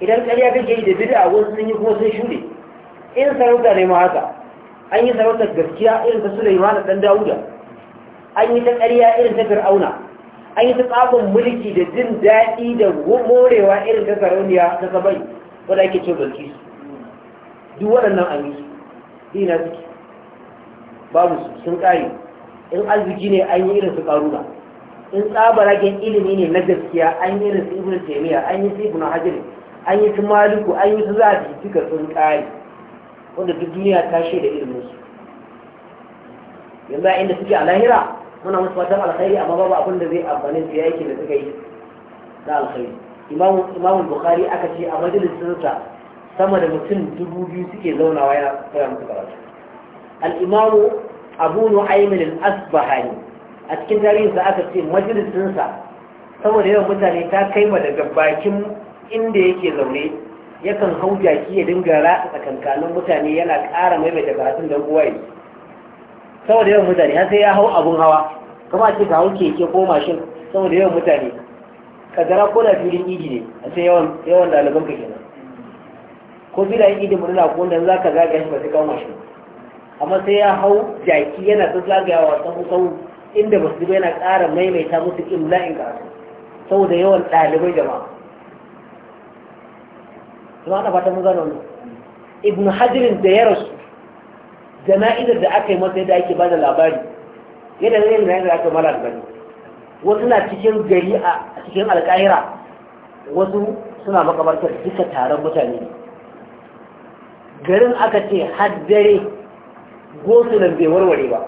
idan ƙarya kake yi da bid'a wasu sun yi kuma sai shuɗe in sarauta ne ma haka an yi sarautar gaskiya irin ta Sulaiman da ɗan Dawuda an yi ta ƙarya irin ta fir'auna an yi ta tsafin mulki da jin daɗi da morewa irin ta sarauniya ta sabai wadda ake ce balki su duk waɗannan an yi su ina suke babu su sun ƙari in arziki ne an yi irin su ƙaruna in tsabaragen ilimi ne na gaskiya an yi irin su ibn taimiyya an yi su ibn hajar an yi su maliku an yi su zafi duka sun ƙari wanda duk duniya ta shaida ilimin su yanzu a inda suke a lahira muna musu fatan alkhairi amma babu abin da zai amfani su yake da suka yi na alkhairi imamu bukari bukhari aka ce a majalisinsa sama da mutum dubu biyu suke zaunawa yana koya musu karatu al'imamu abu nu'aym a cikin tarihinsa aka ce majalisinsa sama da yawan mutane ta kai ma daga bakin inda yake zaune yakan hau jaki ya dinga ratsa tsakankanin mutane yana ƙara maimaita karatun da kowa saboda yawan mutane har sai ya hau abun hawa kuma a ce ka hau keke ko mashin saboda yawan mutane kaddara ko na filin idi ne a sai yawan yawan ɗaliban ka kenan ko filin idi murna ko wanda za ka zagaya shi ba sai kawo mashin amma sai ya hau jaki yana ta wa sahu sahu inda ba su ba yana ƙara maimaita musu imla'in karatu saboda yawan ɗalibai jama'a kuma ana fata mu zanen Ibn hajirin da ya rasu jana'izar da aka yi masa yadda ake bada labari yadda zai yi da aka mara albani wasu na cikin gari a cikin alƙahira wasu suna makabartar duka taron mutane ne garin aka ce har dare gosunan bai warware ba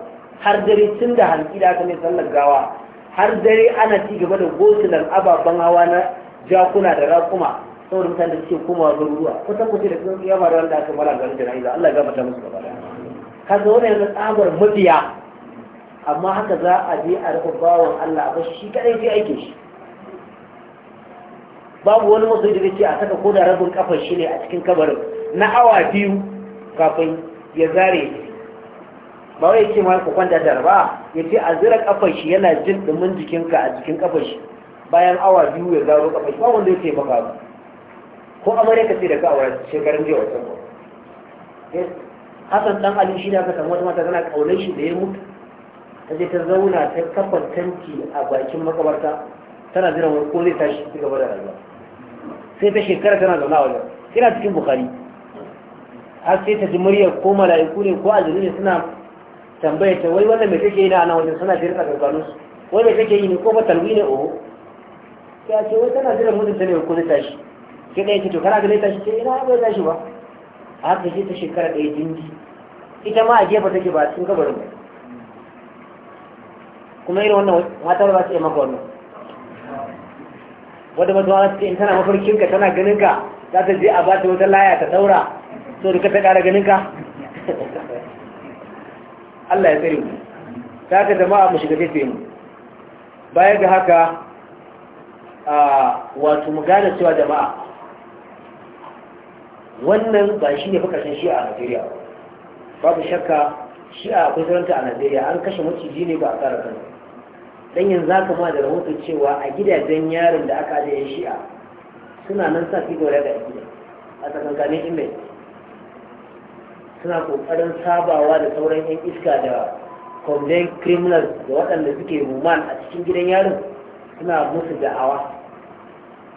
har dare tun da hanki da aka mai sallar gawa har dare ana ci gaba da gosunan ababen hawa na jakuna da raƙuma saboda mutane da suke komawa garuruwa kusan kusa da kuma yaba da wanda aka mala albani jana'iza Allah ya ta musu gaba ka zo ne na tsabar mabiya amma haka za a bi a rufe bawan Allah ba shi kadai sai aike shi babu wani masu da ce a saka ko da rabin kafar shi ne a cikin kabarin na awa biyu kafin ya zare ba wai ce ma ku kwanta da ba ya ce a zira kafar shi yana jin dumin jikinka a cikin kafar shi bayan awa biyu ya zaro kafar shi ba wanda ya ce maka ko ka ce da ka aure shekarun jiya wata hasan dan ali shi da aka samu wata mata tana kaunar shi da ya mutu ta je ta zauna ta kafa tanki a bakin makabarta tana jiran wani ko zai tashi ci gaba da rayuwa sai ta shekara tana zauna a wajen ina cikin bukari har sai ta ji muryar ko mala'iku ne ko aljanu ne suna tambaya ta wai wannan mai take yi na ana wajen suna a karkanin su wai mai take yi ne ko ba ne oho ya ce wai tana jiran mutum ta ne ko zai tashi sai ɗaya ce to kana ga zai tashi ce eh, ina ba zai tashi ba haka shi ta shekara ɗaya jinji ita ma a jefa take ba cikin kabarin ba kuma irin wannan mata ba su yi maka wannan wadda ba zuwa in tana ka tana ka za ta je a ba ta wata laya ta daura so da ka ta ƙara ka. Allah ya tsare mu ta ka jama'a mu shiga jefe mu baya ga haka wato mu gane cewa jama'a wannan ba shi ne fakashin shi a najeriya babu shakka shi'a akwai saranta a najeriya an kashe maciji ne ba a tsara kano dan yanzu ka ma da rahoton cewa a gidajen yarin da aka ajiye a suna nan sa fi gore ga gida a tsakankanin imel suna kokarin sabawa da sauran yan iska da condemned criminals da waɗanda suke roman a cikin gidan yarin suna musu da'awa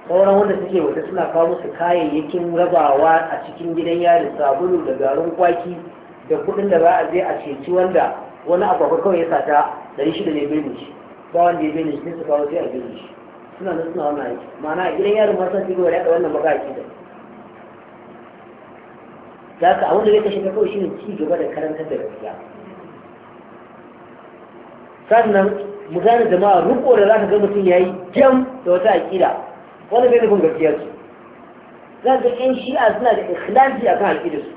sauran wanda suke wata suna kawo musu kayayyakin rabawa a cikin gidan yari sabulu da garin kwaki da kudin da za a je a ceci wanda wani abu kawai ya sata dari shida ne bai shi ba wanda ya bai shi su kawo sai a bai shi suna nan suna wannan aiki ma'ana gidan yarin ma sun shigo da wannan baka aiki da za ka abin da ya kashe kawai shi ne ci gaba da karantar da gaskiya sannan mu gane jama'a riko da za ka ga mutum ya yi jam da wata aƙida wani bai nufin gaskiya za ga yan shi'a suna da ikhlasi akan alƙida su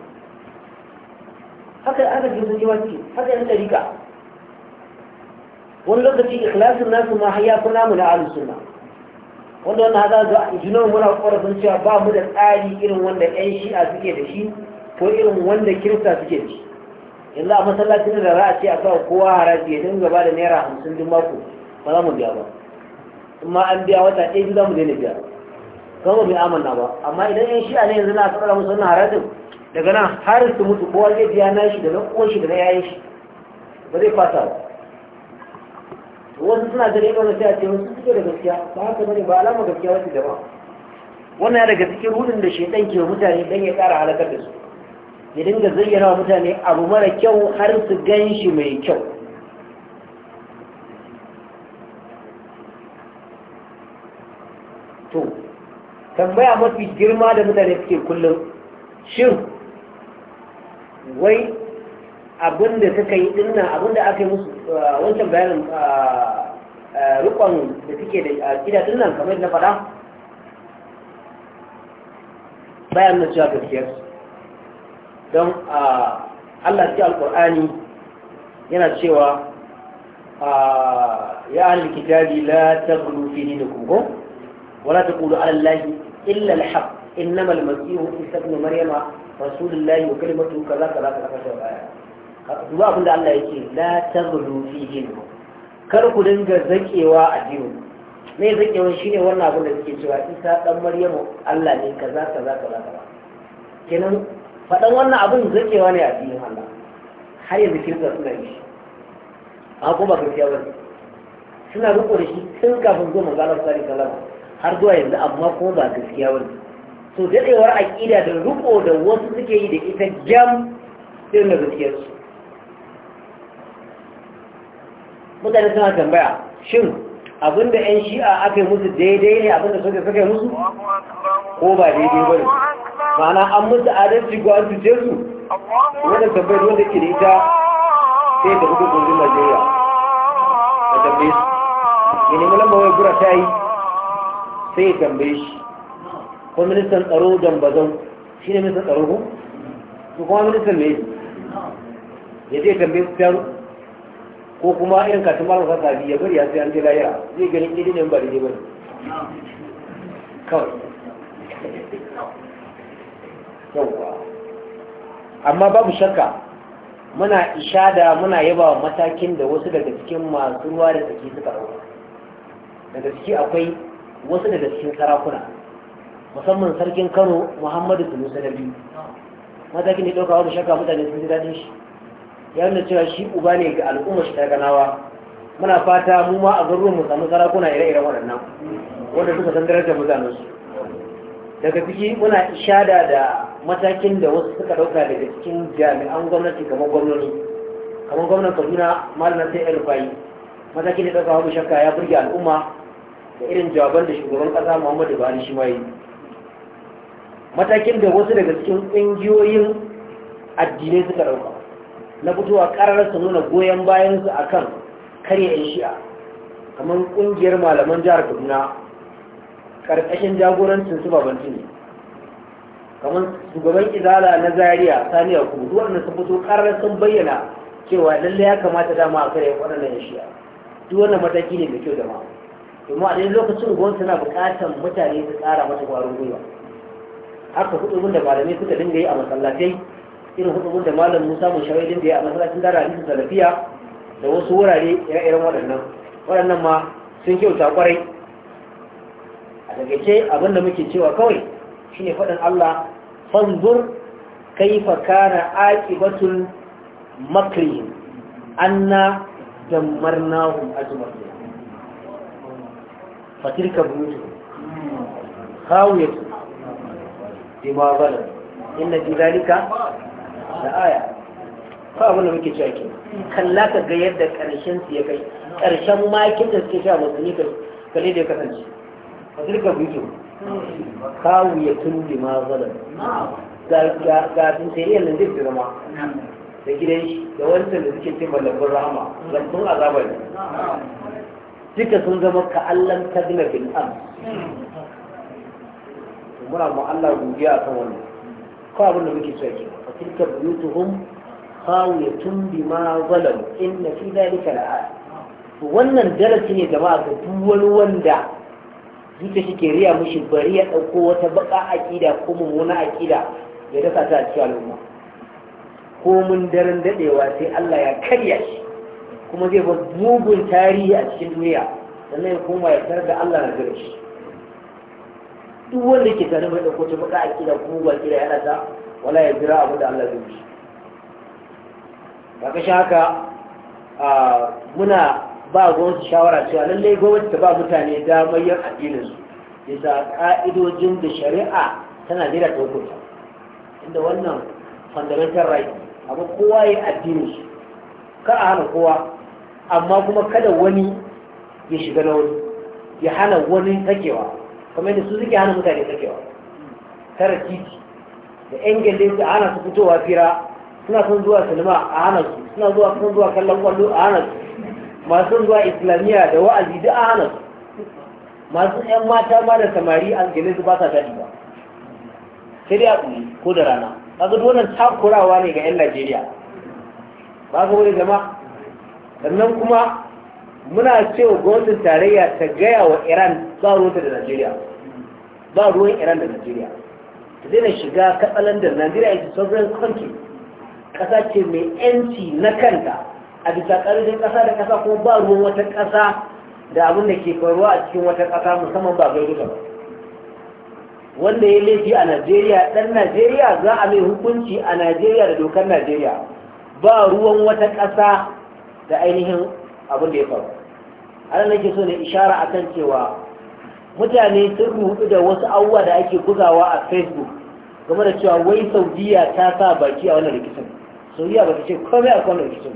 haka haka jirgin jiwa ce haka yan ɗarika wani lokaci ikhlasin nasu ma har ya fi namu na alu sunna wanda wannan haka zuwa junan muna ƙorafin cewa ba mu da tsari irin wanda yan shi'a suke da shi ko irin wanda kirista suke da shi yanzu a masallacin da za a ce a kawo kowa haraji ya dinga ba da naira hamsin duk mako ba za mu biya ba ma an biya wata ɗaya biyu za mu daina biya kuma bai amana ba amma idan yan shi'a ne yanzu na tsara musu wannan harajin daga nan har su mutu kowa zai biya na shi da na shi da na yayin shi ba zai fata ba wasu suna ganin wani sai a ce wasu suke da gaskiya ba haka bane ba alama gaskiya da ba. wannan ya daga cikin rudin da shaitan ke mutane don ya tsara halakar da su ya dinga zayyana wa mutane abu mara kyau har su gan shi mai kyau to tambaya mafi girma da mutane suke kullum shin wai abin da suka yi dinna abin da aka yi musu uh, wancan bayanin uh, uh, rukon da suke da gida dinnan kamar na faɗa bayan na cewa gaskiyar don Allah ce alƙur'ani yana cewa ya ahalin kitabi la ta fi dinakum kungo. ولا تقولوا على الله إلا الحق إنما المسيح عيسى ابن مريم رسول الله وكلمته كذا كذا كذا كذا duba abin da Allah ya ce la tazlu fi kar ku dinga zakewa a shine wannan abin da suke cewa Isa dan Maryamu Allah ne kaza kaza kaza kaza kenan faɗan wannan abin zakewa ne a dinin Allah har yanzu kirista suna yi a ko ba gaskiya ba suna riko da shi tun kafin zo manzo Allah sallallahu alaihi wasallam har zuwa yanzu amma kuma ba gaskiya wani so daɗewar aƙida da riko da wasu suke yi da ita jam irin da su mutane suna tambaya shin abinda 'yan shi'a aka yi musu daidai ne abinda suka suka yi musu ko ba daidai ba ne ma'ana an musu adalci ko an je su wannan tambayar wanda ke da ita sai da hukukun jin najeriya da tambaye su ya nemi lambar wai gura ta yi sai ya tambaye shi ko ministan tsaro dambazau shi ne ministan tsaro ko su kuma ministan mai ya zai tambaye su fiyar ko kuma irin katin malam sa sabi ya bari ya sai an je layira zai ganin ɗin ne ba da ba ne kawai yawwa amma babu shakka muna ishada muna yaba matakin da wasu daga cikin masu ruwa da tsaki suka rauwa daga ciki akwai wasu daga cikin sarakuna musamman sarkin kano muhammadu sunusa na biyu mataki ne ɗauka wani shakka mutane sun ji daɗin shi ya nuna cewa shi uba ne ga al'ummar shi ganawa muna fata mu ma a garuruwan mu samu sarakuna ire-iren waɗannan wanda suka san darajar mutanen su daga ciki muna ishada da matakin da wasu suka ɗauka daga cikin jami'an gwamnati kamar gwamnati kamar gwamnan kaduna malam sai el rufai mataki ne ɗauka wani shakka ya burge al'umma da irin jawaban da shugaban ƙasa muhammadu buhari shi ma yi matakin da wasu daga cikin ƙungiyoyin addinai suka ɗauka na fitowa ƙarar su nuna goyon bayansu a kan karya 'yan shi'a kamar ƙungiyar malaman jihar kaduna ƙarƙashin jagorancin su babanci ne kamar shugaban izala na zaria saniya duk waɗanda sun fito ƙarar sun bayyana cewa lallai ya kamata dama a karya waɗannan 'yan shi'a duk wannan mataki ne mai kyau da ma'a kuma a lokacin gwamnati na buƙatar mutane su tsara mata ƙwarin gwiwa haka hudubun da malamai suka dinga yi a masallatai irin hudubun da malam musa mun shawai dinga yi a masallacin dara salafiya da wasu wurare ire-iren waɗannan waɗannan ma sun kyauta kwarai a takaice abin da muke cewa kawai shine faɗin allah fanzur kaifa kana aqibatul makrihim anna dammarnahum ajma'in فتلك بيوتهم خاوية بما ظلم إن في ذلك لآية فأقول لك شاكي خلاك قيدك أن الشمس يكي كرشن ما يكيد سكيشا مصنيك فليد يكسنش فتلك بيوتهم خاوية بما ظلم ga sun sai iya lindin girma da gidan shi da wancan da suke cin mallakun rahama lantun azabar duka sun zama ka allan tagna bin am muna mu Allah godiya akan wannan ko abin da muke so yake fa tilka buyutuhum khawiyatun bima zalamu inna fi dhalika la'at wannan darasi ne jama'a ga duk wani wanda zuciya shi ke riya mushi bari ya ɗauko wata baka aƙida ko mummuna aƙida ya dasa ta a cikin al'umma ko mun daren daɗewa sai Allah ya karya shi kuma zai bar mugun tarihi a cikin duniya sannan ya koma ya tarar da Allah na gare shi duk wanda ke tare mai ɗauko ta baka akida ko ba kira yana ta wala ya jira abu da Allah zai shi ba ka haka muna ba gwamnati shawara cewa lallai gwamnati ta ba mutane damar yin addininsu bisa ka'idojin da shari'a tana jira ta hukunta inda wannan fundamental right abu kowa ya addinin shi ka a hana kowa amma kuma kada wani ya shiga na wani ya hana wani sakewa kamar yadda su suke hana mutane sakewa tara titi da yan gyalle su hana su fitowa fira suna son zuwa sinima a hana su suna zuwa son zuwa kallon kwallo a hana su masu son zuwa islamiyya da wa'azi duk a hana su masu yan mata ma da samari a gyalle su ba sa daɗi ba sai dai a ko da rana kaga dole takurawa ne ga yan najeriya ba ga wani jama'a sannan kuma muna cewa gwamnatin tarayya ta gaya wa iran ba ruwanta da najeriya ba ruwan iran da najeriya ta daina shiga da najeriya is sovereign country ƙasa ce mai yanci na kanta a bisa karfin ƙasa da ƙasa kuma ba ruwan wata ƙasa da abin da ke faruwa a cikin wata ƙasa musamman ba gairu ba wanda ya laifi a najeriya dan najeriya za a mai hukunci a najeriya da dokar najeriya ba ruwan wata ƙasa da ainihin abin da ya faru ana nake so ne ishara akan cewa mutane sun rubu da wasu abubuwa da ake bugawa a facebook game da cewa wai saudiya ta sa baki a wannan rikicin saudiya ba ta ce komai a wannan rikicin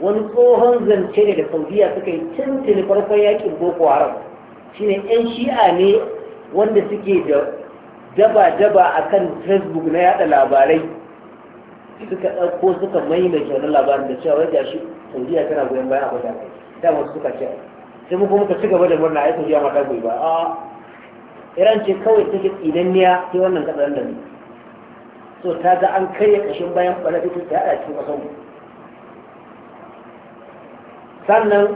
wani tsohon zance ne da saudiya suka yi tuntuni farkon yakin boko haram shine yan shi'a ne wanda suke da daba-daba a kan facebook na yada labarai suka ɗauko suka maimaita wannan labarin da cewa ya shi saudiya tana goyon baya a da aka da wasu suka ce sai mu kuma ka ci gaba da murna ai saudiya ma ta goyi ba a iran ce kawai take niya sai wannan kasar da ne so ta ga an karya ƙashin bayan ɓarafin ta yada cikin ƙasar mu sannan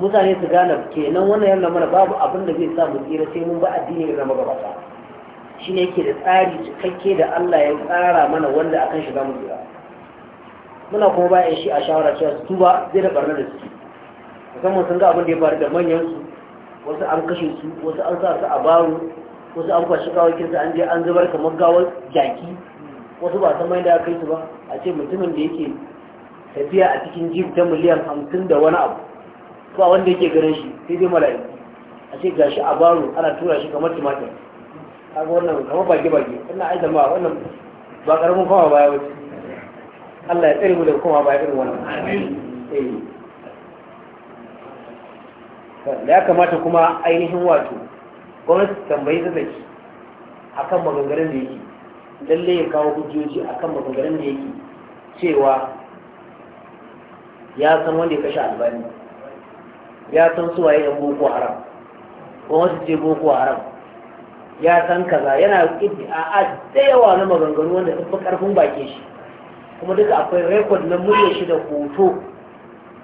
mutane su gane kenan wannan yana mana babu abin da zai sa mu tsira sai mun ba addini da na magabata shi ne ke da tsari cikakke da Allah ya tsara mana wanda akan shiga mu jira muna kuma bayan shi a shawara cewa su tuba zai da barna da suke. musamman sun ga abin da ya faru da manyan su wasu an kashe su wasu an sa su a baro wasu an kwashi kawakin su an je an zubar kamar gawar jaki wasu ba san mai da aka yi su ba a ce mutumin da yake tafiya a cikin jib ta miliyan hamsin da wani abu ba wanda yake ganin shi sai dai mala'iku a ce gashi a baro ana tura shi kamar tumatir kaga wannan kamar bage bage ina ai wannan ba karamin koma baya ba Allah ya tsare mu da a baya irin wannan amin da eh. ya kamata kuma ainihin wato gwamnati tambayi zazzaki a kan maganganun da yake lalle ya kawo hujjoji a kan maganganun da yake cewa ya san wanda ya kashe albani ya san suwaye yan boko haram gwamnati ce boko haram ya san kaza yana iddi'a da yawa na maganganu wanda sun fi karfin bakin shi kuma duka akwai rekod na murya shi da hoto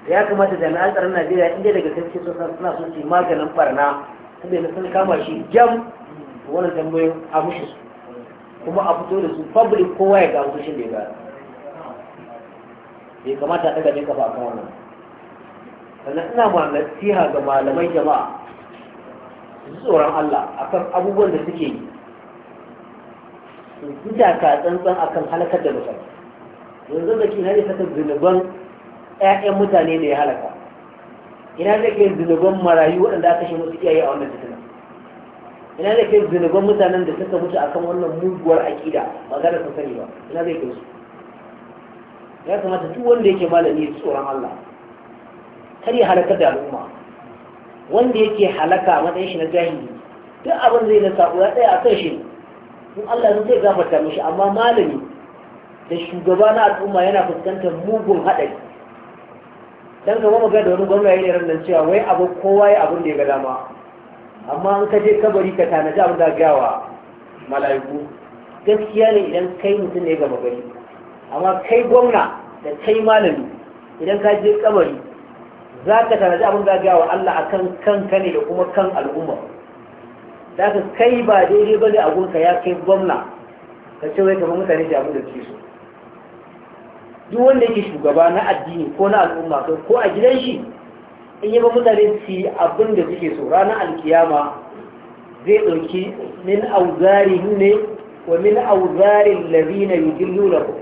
ya kamata jami'an tsaron najeriya inda daga sarki suna so su maganin barna kuma sun kama shi jam wannan tambayoyin a mushi su kuma a fito da su public kowa ya ga mutushin da ya bai kamata a ɗaga jinka ba a kan wannan sannan ina ma nasiha ga malamai jama'a tsoron Allah akan abubuwan da suke yi su da ka tsantsan akan halakar da mutane yanzu da ke ne saka zunuban ƴaƴan mutane da ya halaka ina da ke zunuban marayu waɗanda aka shi musu iyaye a wannan fitina ina da ke zunuban mutanen da suka mutu akan wannan muguwar aƙida ba za da sani ba ina zai ke su ya kamata duk wanda yake malami tsoron Allah kar ya halakar da al'umma wanda yake halaka a matsayin shi na jahili duk abin zai na sabu ya tsaya a kan shi in Allah zai gafarta mishi amma malami da shugaba na al'umma yana fuskantar mugun haɗari dan gaba magana da wani gwamna yayin ran nan cewa wai abu kowa ya abin da ya ga dama amma an ka je kabari ka tanaji abin da gawa mala'iku gaskiya ne idan kai mutum ne gaba gari amma kai gwamna da kai malami idan ka je kabari za ka tanaji abin zagaya wa Allah a kan kanka ne da kuma kan al'umma za ka kai ba daidai ba ne abunka ya kai gwamna ka ce wai kamar mutane da abin da ke so duk wanda yake shugaba na addini ko na al'umma ko a gidan shi in yi ba mutane su yi abin da suke so ranar alkiyama zai ɗauki min auzari ne wa min auzari lalina yi dillu na ku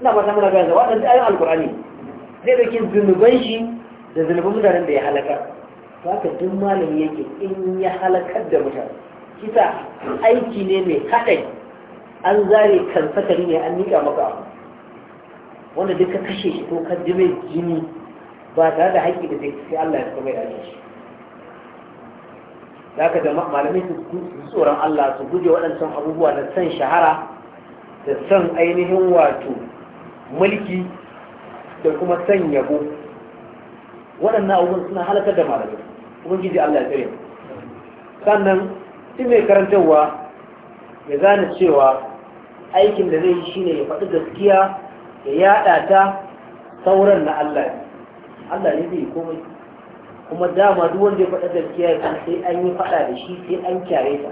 ina ba samun ragaya waɗanda ayin alkur'ani zai dauki zunuban shi da zunuban mutanen da ya halakar to haka duk malami yake in ya halakar da mutane kisa aiki ne mai haɗari an zare kan sakari ne an nika maka abu wanda duka ka kashe shi ko ka jimai jini ba tare da haƙƙi da zai sai Allah ya kuma ya shi da haka jama'a malamai su tsoron Allah su guje waɗancan abubuwa da san shahara da san ainihin wato mulki da kuma san yabo waɗannan abubuwan suna halakar da malamai ubangiji Allah ya tsare sannan shi mai karantarwa ya gane cewa aikin da zai yi shine ya faɗi gaskiya ya yaɗa ta sauran na Allah Allah ne zai komai kuma dama duk wanda ya faɗi gaskiya ya sai an yi faɗa da shi sai an kyare ta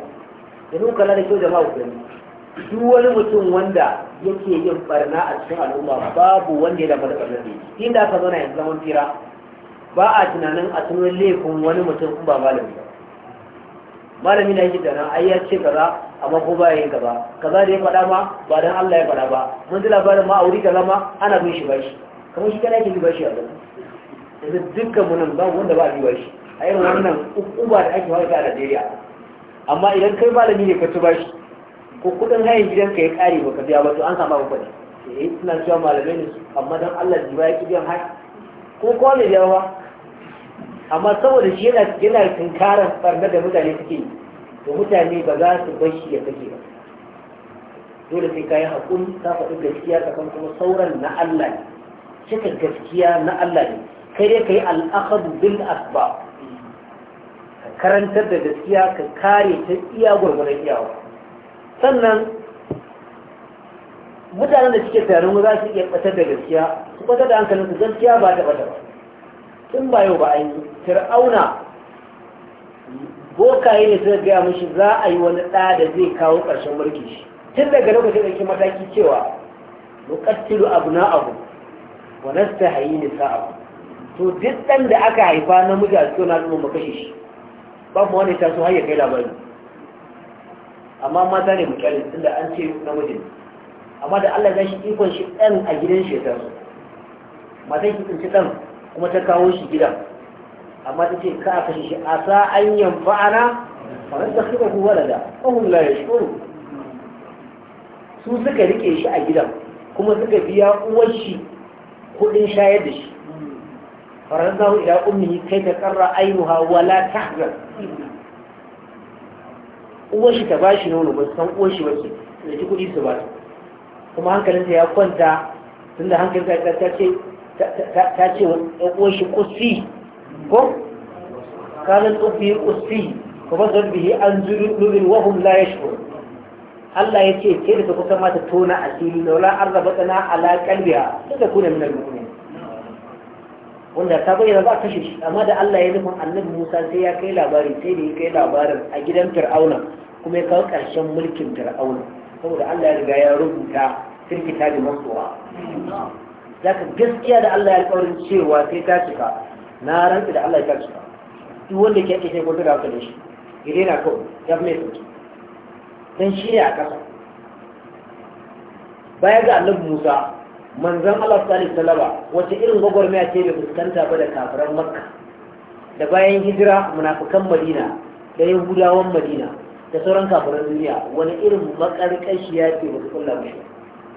yanzu kala da kyau jama'a ku gani duk wani mutum wanda yake yin barna a cikin al'umma babu wanda ya da barna ne inda aka zauna yanzu zaman fira ba a tunanin a tunan laifin wani mutum in ba malami ba malami na yake da nan ai ya ce kaza amma ko ba yayin kaza kaza da ya faɗa ma ba dan Allah ya faɗa ba mun ji labarin ma auri kaza ma ana bin shi bashi kamar shi kana yake bi bashi a gaba yanzu dukkan mu nan ba wanda ba a bi bashi a irin wannan uba da ake hawa a Najeriya amma idan kai malami ne ka ci bashi ko kudin hayan gidanka ya kare baka biya ba to an samu abu kuɗi eh suna cewa malamai ne amma dan Allah ji ba ya ki biyan hayan ko ko ne da ba amma saboda shi yana yana tunkaran farda da mutane suke yi to mutane ba za su bar shi ya kake ba dole sai kai hakuri ka faɗi gaskiya kan kuma sauran na Allah ne cika gaskiya na Allah ne kai dai ka yi al'akadu bil asbab ka karantar da gaskiya ka kare ta iya gurgurar iyawa sannan mutanen da suke taron za su iya ɓatar da gaskiya su batar da hankalin su gaskiya ba ta bata ba tun ba yau ba a yi fir'auna bokaye ne suka gaya mushi za a yi wani ɗa da zai kawo ƙarshen mulki shi tun daga lokacin ɗauki mataki cewa abu su abna'ahum wa sa abu to duk ɗan da aka haifa namiji a cikin al'umma kashe shi ba mu wani so har ya kai labari amma mata ne mukyalin tunda an ce namijin amma da Allah ya shi ikon shi ɗan a gidan shi ya taso mata yi tsinci ɗan kuma ta kawo shi gida amma ta ce ka a kashe shi a sa an yamfa ana kamar da suka da da ƙahun la ya shuru su suka rike shi a gidan kuma suka biya uwar shi kuɗin shayar da shi faranzahu ila ummihi kai ta karra ainuha wala tahzan uwashi shi ta bashi nono ba wasu san uwar shi wace da ki kuɗi su ba kuma hankalinta ya kwanta tunda hankalinta ta ce ta ce wa uwar shi kusi ko kanan tsofi kusi ko ba zan bihi an zuru lubin wahun laye ya shuru Allah ya ce ke da ta kusa mata tona asiri da wala an tsana ala kalbiya ta kuna minar mutum wanda ta bayyana ba a kashe shi amma da Allah ya nufin annabi Musa sai ya kai labari sai da ya kai labarin a gidan Fir'auna kuma ya kawo ƙarshen mulkin Fir'auna saboda Allah ya riga ya rubuta firkita da mantsuwa zaka gaskiya da Allah ya alƙawarin cewa sai ta cika na rantsa da Allah ya ta cika duk wanda ke ake sai gwamnati da haka da shi ya daina ya fi mai sauki dan shi ne a ƙasa baya ga annabi Musa manzon Allah sallallahu alaihi wace irin gwagwarmaya ce bai fuskanta ba da kafiran makka da bayan hijira munafikan madina da yahudawan madina da sauran kafiran duniya wani irin makarƙashi ya ce wasu kulla mai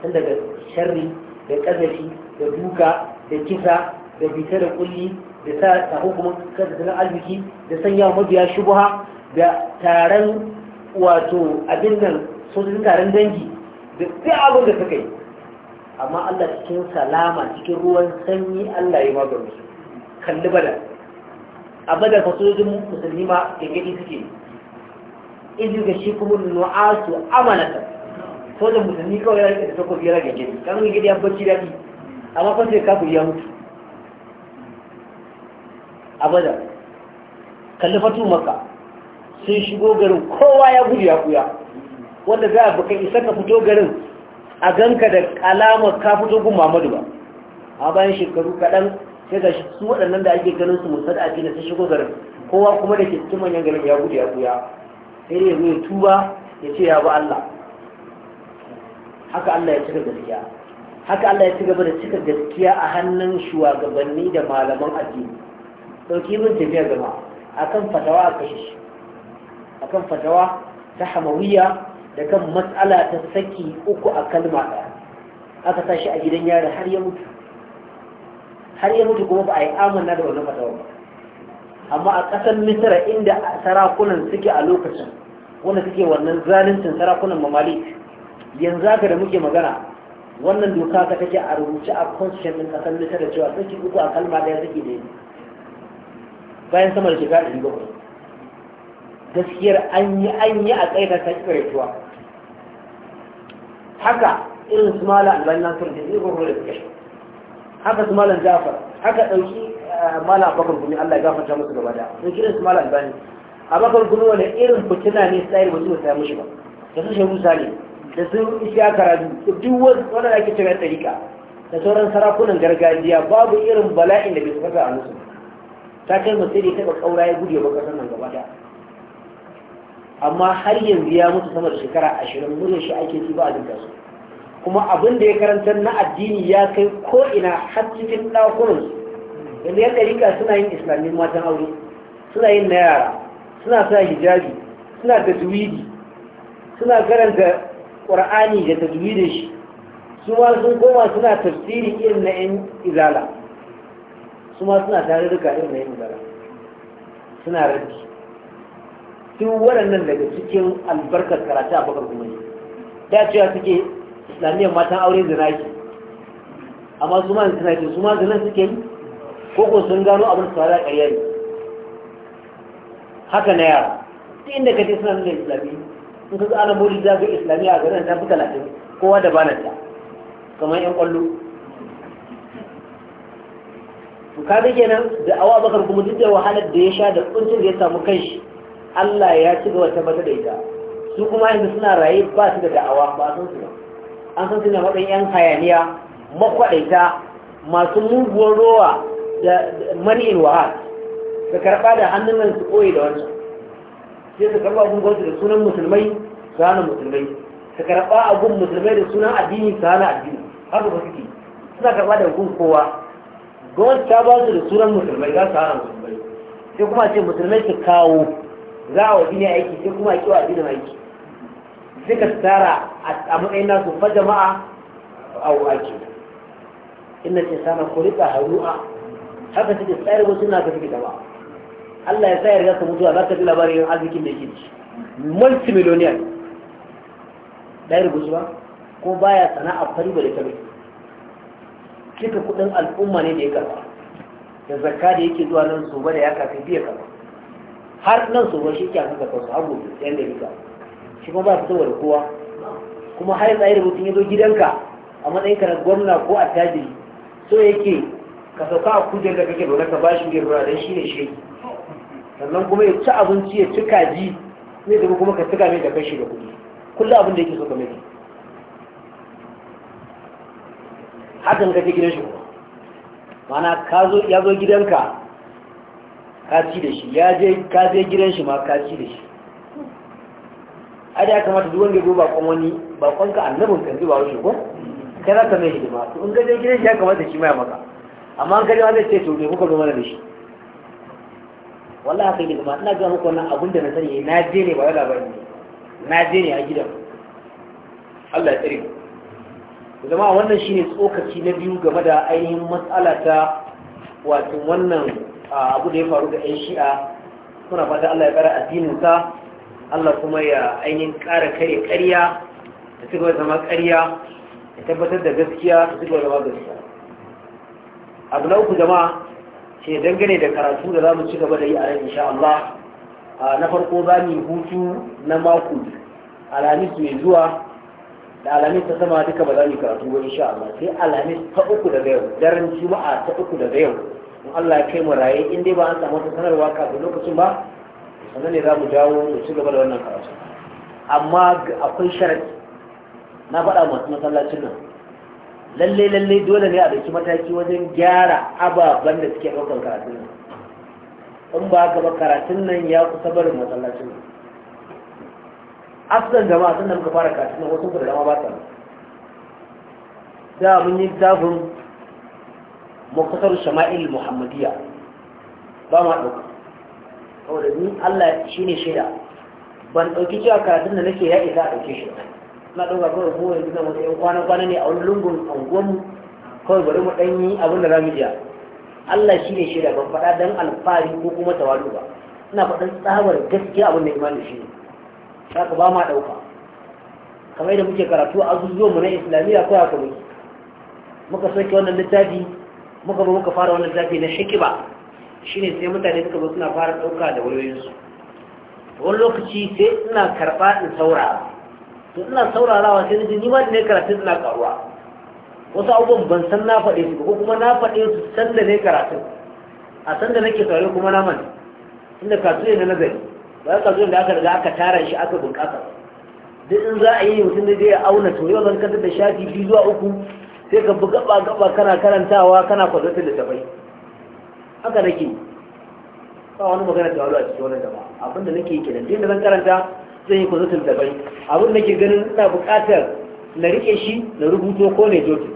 tun daga sharri da kazafi da duka da kisa da bita da kulli da sa ta hukuma kasa da arziki da sanya mabiya shubha da taron wato abin nan sojojin taron dangi da duk abin da suka yi amma Allah cikin salama cikin ruwan sanyi Allah ya magana su kalli bada a bada fasojin musulmi ma gangadi suke izu ga shi kuma nu'asu amanata da musulmi kawai ya rike da takobi ya rage gidi kan gidi ya bacci daɗi amma kan sai kafin ya mutu a bada kalli fatu maka sun shigo garin kowa ya gudu ya kuya wanda za a baka isa ka fito garin a ganka da alamar ka fito gun Muhammadu ba a bayan shekaru kaɗan sai ga su waɗannan da ake ganin su musar a cikin sun shigo garin kowa kuma da ke cikin manyan garin ya gudu ya buya sai dai ya tuba ya ce ya bi Allah haka Allah ya cika gaskiya haka Allah ya ci gaba da cika gaskiya a hannun shugabanni da malaman addini dauki min tafiya gama akan fatawa a kashe shi akan fatawa ta hamawiyya da kan matsala ta saki uku a kalma ɗaya aka sa shi a gidan yari har ya mutu har ya mutu kuma ba a yi amana da wannan fatawa ba amma a ƙasar misira inda sarakunan suke a lokacin wanda suke wannan zaluncin sarakunan mamalik yanzu haka da muke magana wannan doka ka take a rubuce a constitution din ƙasar misira cewa saki uku a kalma ɗaya suke da bayan sama da shekara ɗari bakwai gaskiyar an yi an yi a tsaye ta tsakiyar tuwa haka irin su mala albani na sun jini ruru da suke shi haka su malan jafar haka ɗauki eh, mala bakar gumi allah ya gafarta musu gaba da sun kiran su mala albani a bakar gumi wani irin fitina ne sayar ba su samu shi ba da su shehu sani da sun isya karatu duk wanda ake cewa ya tsarika da sauran sarakunan gargajiya babu irin bala'in da bai su fasa a musu ta kai mu da ya taɓa ƙaura ya gudu ba ƙasar nan gaba da amma har yanzu ya mutu sama da shekara ashirin murin shi ake ci ba a jinta su kuma abin da ya karanta na addini ya kai ko ina har cikin ɗakunan yanzu yan ɗarika suna yin islamin matan aure suna yin na yara suna sa hijabi suna da juwidi suna karanta ƙur'ani da tajwidin shi su ma sun koma suna tafsiri irin na yan izala su ma suna tare da irin na yan izala suna rabbi duk waɗannan daga cikin albarkar karatu a bakar kuma ne da cewa suke islamiyyar matan aure zina ke amma su ma zina ke su ma zina suke yi ko ko sun gano abin su fara ƙarya ne haka na yara duk inda kace suna nuna islami sun kasu ana mori za ga islami a garin ta fi talatin kowa da bana ta kamar yan kwallo ka zai kenan da awa bakar kuma duk da wahalar da ya sha da kuncin da ya samu kanshi Allah ya ci gaba tabbatar da ita su kuma yanzu suna raye ba su da da'awa ba san su ba an san su ne yan hayaniya makwaɗaita masu muguwar rowa da mani'in wahal da karɓa da hannun nan su ɓoye da wancan sai su karɓa abin gwamnati da sunan musulmai su hana musulmai su karɓa abin musulmai da sunan addini su hana addini haka ba suke suna karɓa da hukun kowa gwamnati ta ba su da sunan musulmai za su hana musulmai sai kuma ce musulmai su kawo za a wajen ya aiki sai kuma a kiwa addinin aiki suka tara a matsayin nasu fa jama'a a waki inna ce sana kulika haru'a haka suke tsayar wasu na suke jama'a Allah ya tsayar gasa mutuwa za ka ji labarin yin arzikin da ke ci multi millionaire da rubutu ba ko baya sana'a fari ba da tabi cika kudin al'umma ne da ya karba da zakka da yake zuwa nan su ba da ya kafi biya karba har nan su wani shi ke haka kansu har yan da rika shi kuma ba su saboda kowa kuma har yanzu ayi rubutun ya zo gidanka a matsayin ka na gwamna ko attajiri so yake ka sauka a kujen da kake dole ka shi mai rura don shi ne shi sannan kuma ya ci abinci ya ci kaji zai zama kuma ka tuka mai da kashi da kuɗi kullum abin da yake so ka mai hakan kake gidan shi kuma mana ka zo ya zo gidanka kaci da shi ya je ka je gidan shi ma kaci da shi ai da kamata duk wanda ya goba kon wani ba kon ka annabin kan zuwa shi ko ka za ka mai hidima to in ka je gidan shi ya kamata shi ma ya maka amma an kaje wanda ce to ne kuka zo mana da shi wallahi kai hidima ina ga muku wannan abin da na sani na je ne ba wai labari ne na je ne a gidan Allah ya tsare ku jama'a wannan shine tsokaci na biyu game da ainihin matsala ta wato wannan abu da ya faru da 'yan shi'a suna fata Allah ya kara addininsa Allah kuma ya ainihin kara kare ƙarya da su zama ƙarya ya tabbatar da gaskiya da su zama gaskiya abu na uku zama ce dangane da karatu da za mu ci gaba da yi a ran insha Allah na farko za mu yi hutu na mako alamis mai zuwa da alamis ta sama duka ba za mu yi karatu ba insha Allah sai alamis ta uku daga yau daren juma'a ta uku daga yau in Allah ya kai mu raye in dai ba an samu ta sanarwa kafin lokacin ba sannan ne za mu dawo mu ci gaba da wannan karatu amma akwai sharadi na faɗa masu masallacin nan lalle lalle dole ne a ɗauki mataki wajen gyara ababen da suke ɗaukar karatun nan in ba gaba karatun nan ya kusa barin masallacin nan afsan jama'a sun da muka fara karatun nan wasu da dama ba sa da mun yi zafin muktasar shama'il muhammadiyya ba ma ɗauka saboda ni Allah shi ne shaida ban ɗauki cewa karatun da nake ya isa a ɗauke shi na ɗauka kawai mu yanzu na wasu ƴan kwana-kwana ne a wani lungun anguwanmu kawai bari mu ɗan yi abin da za mu iya Allah shi ne shaida ban faɗa don alfahari ko kuma tawalu ba ina faɗin tsabar gaskiya abin da imanin shi ne za ka ba ma ɗauka kamar yadda muke karatu a mu na islamiyya ko haka muke muka soke wannan littafi muka ba muka fara wannan zafi na Shi ne sai mutane suka ba suna fara ɗauka da wayoyinsu wani lokaci sai ina karɓa in saura. to ina saurarawa sai na ji ni ma da ne karatun ina karuwa wasu abubuwan ban san na faɗe su ko kuma na faɗe su san da ne karatun a san da nake saurare kuma na man inda kasu ne na nazari ba ya kasu da aka riga aka tara shi aka bunƙasa duk in za a yi mutum da zai auna to yau zan kasar da shafi biyu zuwa uku sai ka bi gaba gaba kana karantawa kana da tafai. haka nake ba wani magana ta walu a cikin wannan dama abinda nake yi kenan duk da zan karanta zan yi da littafai abin nake ganin ina buƙatar na rike shi na rubuto ko ne jotu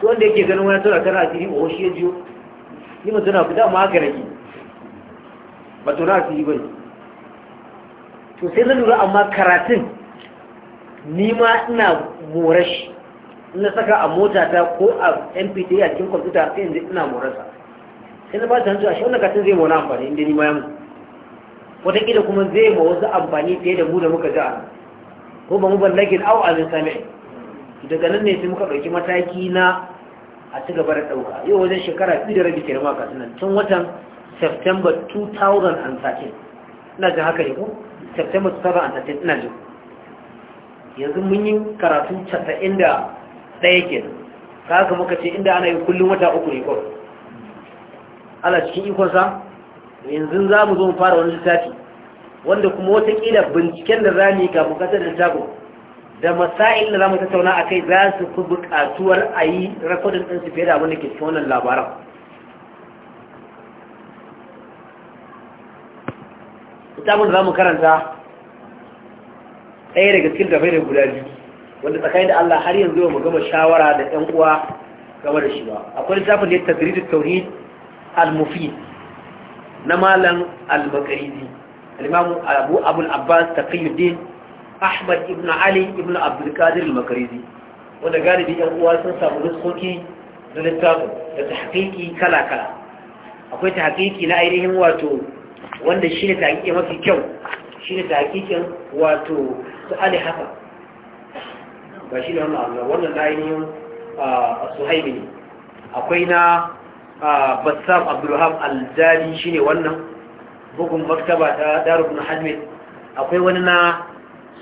to wanda yake ganin wani tura kana asiri ba shi ya jiyo ni mutum na fita ma haka nake ba tura asiri ba to sai na lura amma karatun ni ma ina morashi na saka a mota ta ko a mpt a cikin kwamfuta sai yanzu ina morarsa sai na ba ta hancu a shi katin zai mawa amfani inda ni ma yamu wataƙila kuma zai ma wasu amfani fiye da mu da muka a ko ba mu ban lagin au a min sami daga nan ne sai muka ɗauki mataki na a ci gaba da ɗauka yau wajen shekara biyu da rabi kenan ma kasunan tun watan september 2013 ina jin haka ne ko september 2013 ina jin yanzu mun yi karatu ɗaya ke ka muka ce inda ana yi kullum wata uku ne kawai ala cikin ikonsa yanzu za mu zo mu fara wani littafi wanda kuma watakila binciken da za mu yi kafin kasar littafin da masa'il da za mu tattauna a kai za su fi buƙatuwar a yi rakodin su fiye da abin da ke cikin wannan labaran littafin da za mu karanta ɗaya daga cikin tafai da guda biyu wanda tsakanin da Allah har yanzu ba mu gama shawara da ƴan uwa game da shi ba akwai littafin da ya tadrid tauhid al-mufid na malam al-maqridi al-imam Abu Abul Abbas Taqiyuddin Ahmad ibn Ali ibn Abdul Qadir al-Maqridi wanda galibi ƴan uwa sun samu ruskoki da littafin da tahqiqi kala kala akwai tahqiqi na ainihin wato wanda shine tahqiqi mafi kyau shine tahqiqin wato su Ali Hassan ba shi ne wannan abu wannan na ainihin suhaimi ne akwai na bassam abdulham aljali shi ne wannan bugun maktaba ta darubun hajjmet akwai wani na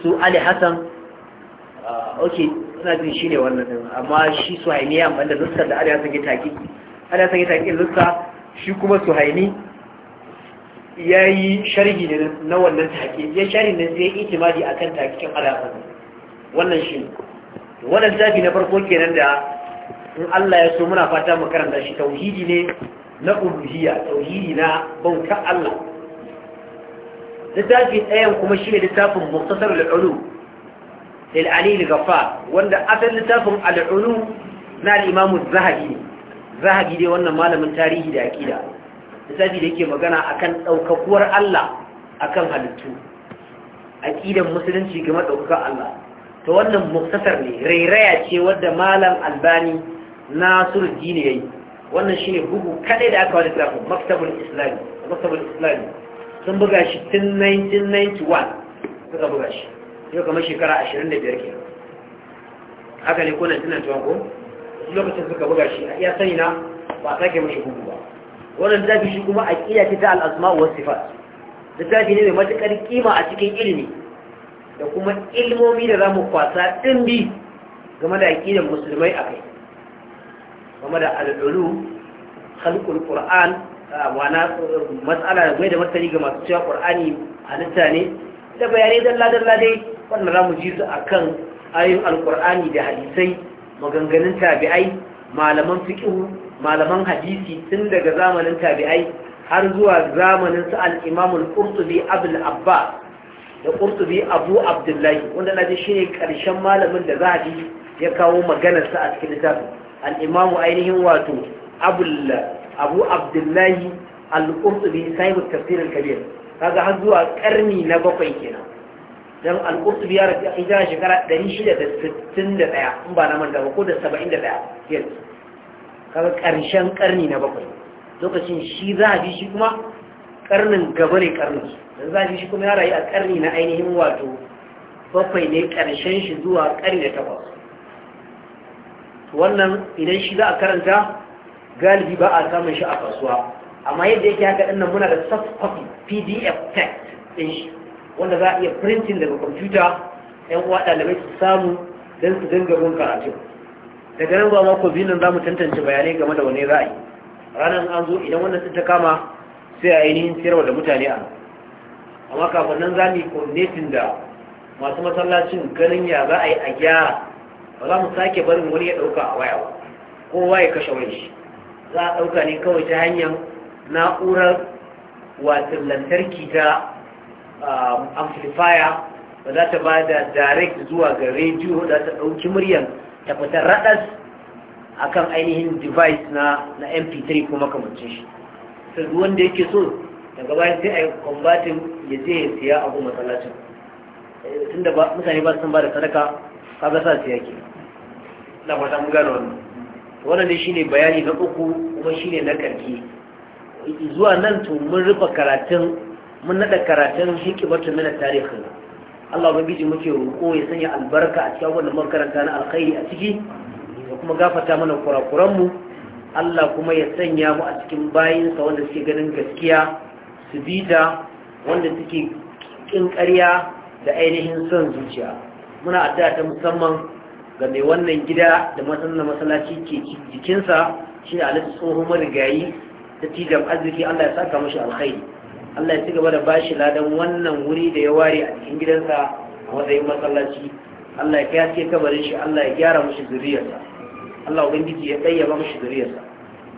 su ali hassan ok suna jin shi ne wannan amma shi suhaimi ya amfani da zuskar da ali hassan ya taki ali hassan ya taki zuska shi kuma suhaimi ya yi sharhi ne na wannan take ya sharhi ne zai itimadi akan takikin ali hassan wannan shi ne wannan tafi na farko kenan da in Allah ya so muna fata mu karanta shi tauhidi ne na uluhiyya tauhidi na bautar Allah littafi ɗayan kuma shi ne littafin muktasar al'ulu lil'ali al-ghaffar wanda asalin littafin al'ulu na al-imam az-zahabi zahabi dai wannan malamin tarihi da aqida littafi da yake magana akan daukakuwar Allah akan halittu aqidan musulunci game da daukakar Allah to wannan muktasar ne rairaya ce wadda malam albani nasur dini yayi wannan shine bugu kadai da aka wadata ku maktabul islami maktabul islami sun buga shi tun 1991 suka buga shi yau kamar shekara 25 ke. haka ne ko 1991 ko lokacin suka buga shi ya sani na ba a sake mashi bugu ba wannan zafi shi kuma a aqida ta al wasu was sifat littafi ne mai matukar kima a cikin ilimi da kuma ilmomi da za mu kwasa ɗimbi game da aƙidar musulmai a kai game da al'adu halkul ƙura'an wana eh, matsala mai da martani ga masu cewa ƙur'ani halitta ne da bayanai dalla-dalla dai wannan za mu ji su a kan ayin alƙur'ani da hadisai maganganun tabi'ai malaman fiƙihu malaman hadisi tun daga zamanin tabi'ai har zuwa zamanin su al'imamul ƙurtubi abul abba da qurtubi abu abdullahi wanda na ji ne karshen malamin da zahabi ya kawo maganar sa a cikin littafin Al'imamu ainihin wato abu abdullahi al-qurtubi sahibu tafsir al-kabir kaga har zuwa karni na bakwai kenan dan al-qurtubi ya rabu hijira shekara 661 in ba na manta ba ko da 71 yes kaga karshen karni na bakwai lokacin shi za a zahabi shi kuma karnin gaba ne karnin su dan zafi shi kuma ya rayu a karni na ainihin wato bakwai ne karshen shi zuwa karni da takwas wannan idan shi za a karanta galibi ba a samun shi a kasuwa amma yadda yake haka nan muna da soft copy pdf text ɗin shi wanda za a iya printing daga kwamfuta yan uwa ɗalibai su samu don su dinga bin karatu daga nan ba mako biyu nan za mu tantance bayanai game da wani ra'ayi ranar an zo idan wannan sun ta kama sai a ainihin siyarwa da mutane a amma kafin nan za mu yi coordinating da masu masallacin ganin ya za a yi a gyara ba za mu sake barin wani ya ɗauka a waya ba kowa ya kashe wani shi za a ɗauka ne kawai ta hanyar na'urar watan lantarki ta amplifier ba za ta ba da direct zuwa ga rediyo za ta ɗauki muryar ta fita raɗas akan ainihin device na mp3 ko makamancin shi sai wanda yake so daga bayan sai a yi kwambatin ya je ya siya abu tun da mutane ba su san ba da sadaka kaga sa siya ke na fata mun gano wannan wannan ne shine bayani na uku kuma shine na karki zuwa nan to mun rufe karatun mun nada karatun hikimatu min tarihin Allah biji muke roƙo ya sanya albarka a cikin wannan makaranta na alkhairi a ciki da kuma gafata mana kurakuran mu Allah kuma ya sanya mu a cikin bayinsa wanda suke ganin gaskiya su wanda suke kin da ainihin son zuciya muna addu'a ta musamman ga mai wannan gida da matsalar masallaci ke jikinsa shi ne alhaji tsohon marigayi ta tijan arziki allah ya saka mashi alkhairi allah ya ci gaba da bashi ladan wannan wuri da ya ware a cikin gidansa a matsayin masallaci allah ya kyaske kabarin shi allah ya gyara mashi zuriyarsa allah ubangiji ya tsayyaba mashi zuriyarsa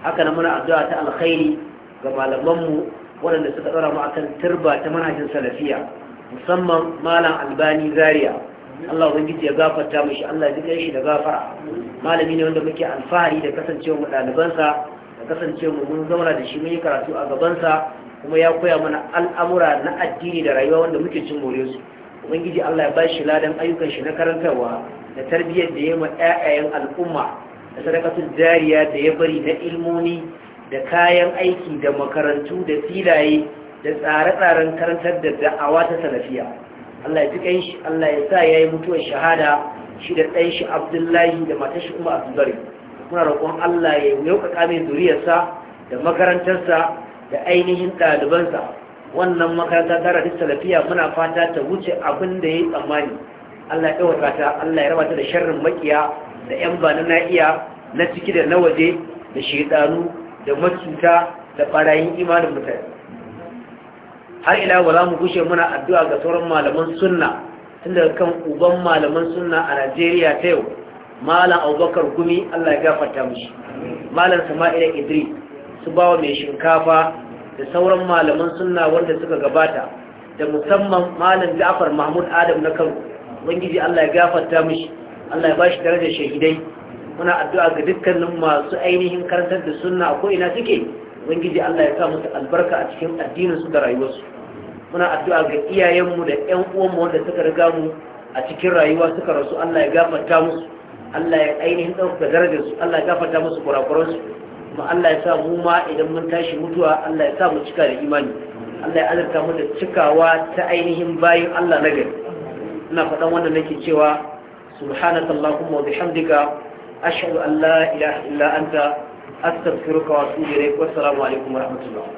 haka na muna addu'a ta alkhairi ga malamanmu waɗanda suka ɗora mu akan turba ta manhajin salafiya musamman malam albani zaria Allah ubangiji ya gafarta shi. Allah ya shi da gafara malami ne wanda muke alfahari da kasancewa mu ɗalibansa da kasancewa mu mun zauna da shi mun yi karatu a gabansa kuma ya koya mana al'amura na addini da rayuwa wanda muke cin more su ubangiji Allah ya bashi ladan ayyukan shi na karantarwa da tarbiyyar da ya ma ƴaƴayen al'umma da sadakatul jariya da ya bari na ilmoni da kayan aiki da makarantu da filaye da tsare-tsaren karantar da da'awa ta salafiya Allah ya tukan shi Allah ya sa yayi mutuwar shahada shi da ɗan shi Abdullahi da matar shi Umma muna roƙon Allah ya yaukaka mai sa da makarantarsa da ainihin ɗalibansa wannan makaranta ta radis salafiya muna fata ta wuce abin da yayi tsammani Allah ya ɗaukaka ta Allah ya rabata da sharrin makiya da 'yan bana na iya na ciki da na waje da shaidanu da macuta da barayin imanin mutane har ila ba za mu gushe muna addu'a ga sauran malaman sunna tun daga kan uban malaman sunna a najeriya ta yau malam abubakar gumi allah ya gafarta mushi malam sama'ila idris su ba wa mai shinkafa da sauran malaman sunna wanda suka gabata da musamman malam ja'far mahmud adam na kano wangiji allah ya gafarta mushi allah ya ba shi tare darajar shahidai muna addu'a ga dukkanin masu ainihin karantar da sunna ko ina suke ubangiji Allah ya sa musu albarka a cikin addinin su da rayuwarsu muna addu'a ga iyayenmu da yan uwanmu wanda suka riga mu a cikin rayuwa suka rasu Allah ya gafarta musu Allah ya ainihin ɗauka darajar Allah ya gafarta musu kurakuran kuma Allah ya sa mu ma idan mun tashi mutuwa Allah ya sa mu cika da imani Allah ya azurta mu da cikawa ta ainihin bayan Allah na gari ina faɗan wannan nake cewa subhanakallahumma wa bihamdika ashhadu an la anta astaghfiruka wa atubu ilayk wa assalamu alaikum wa rahmatullah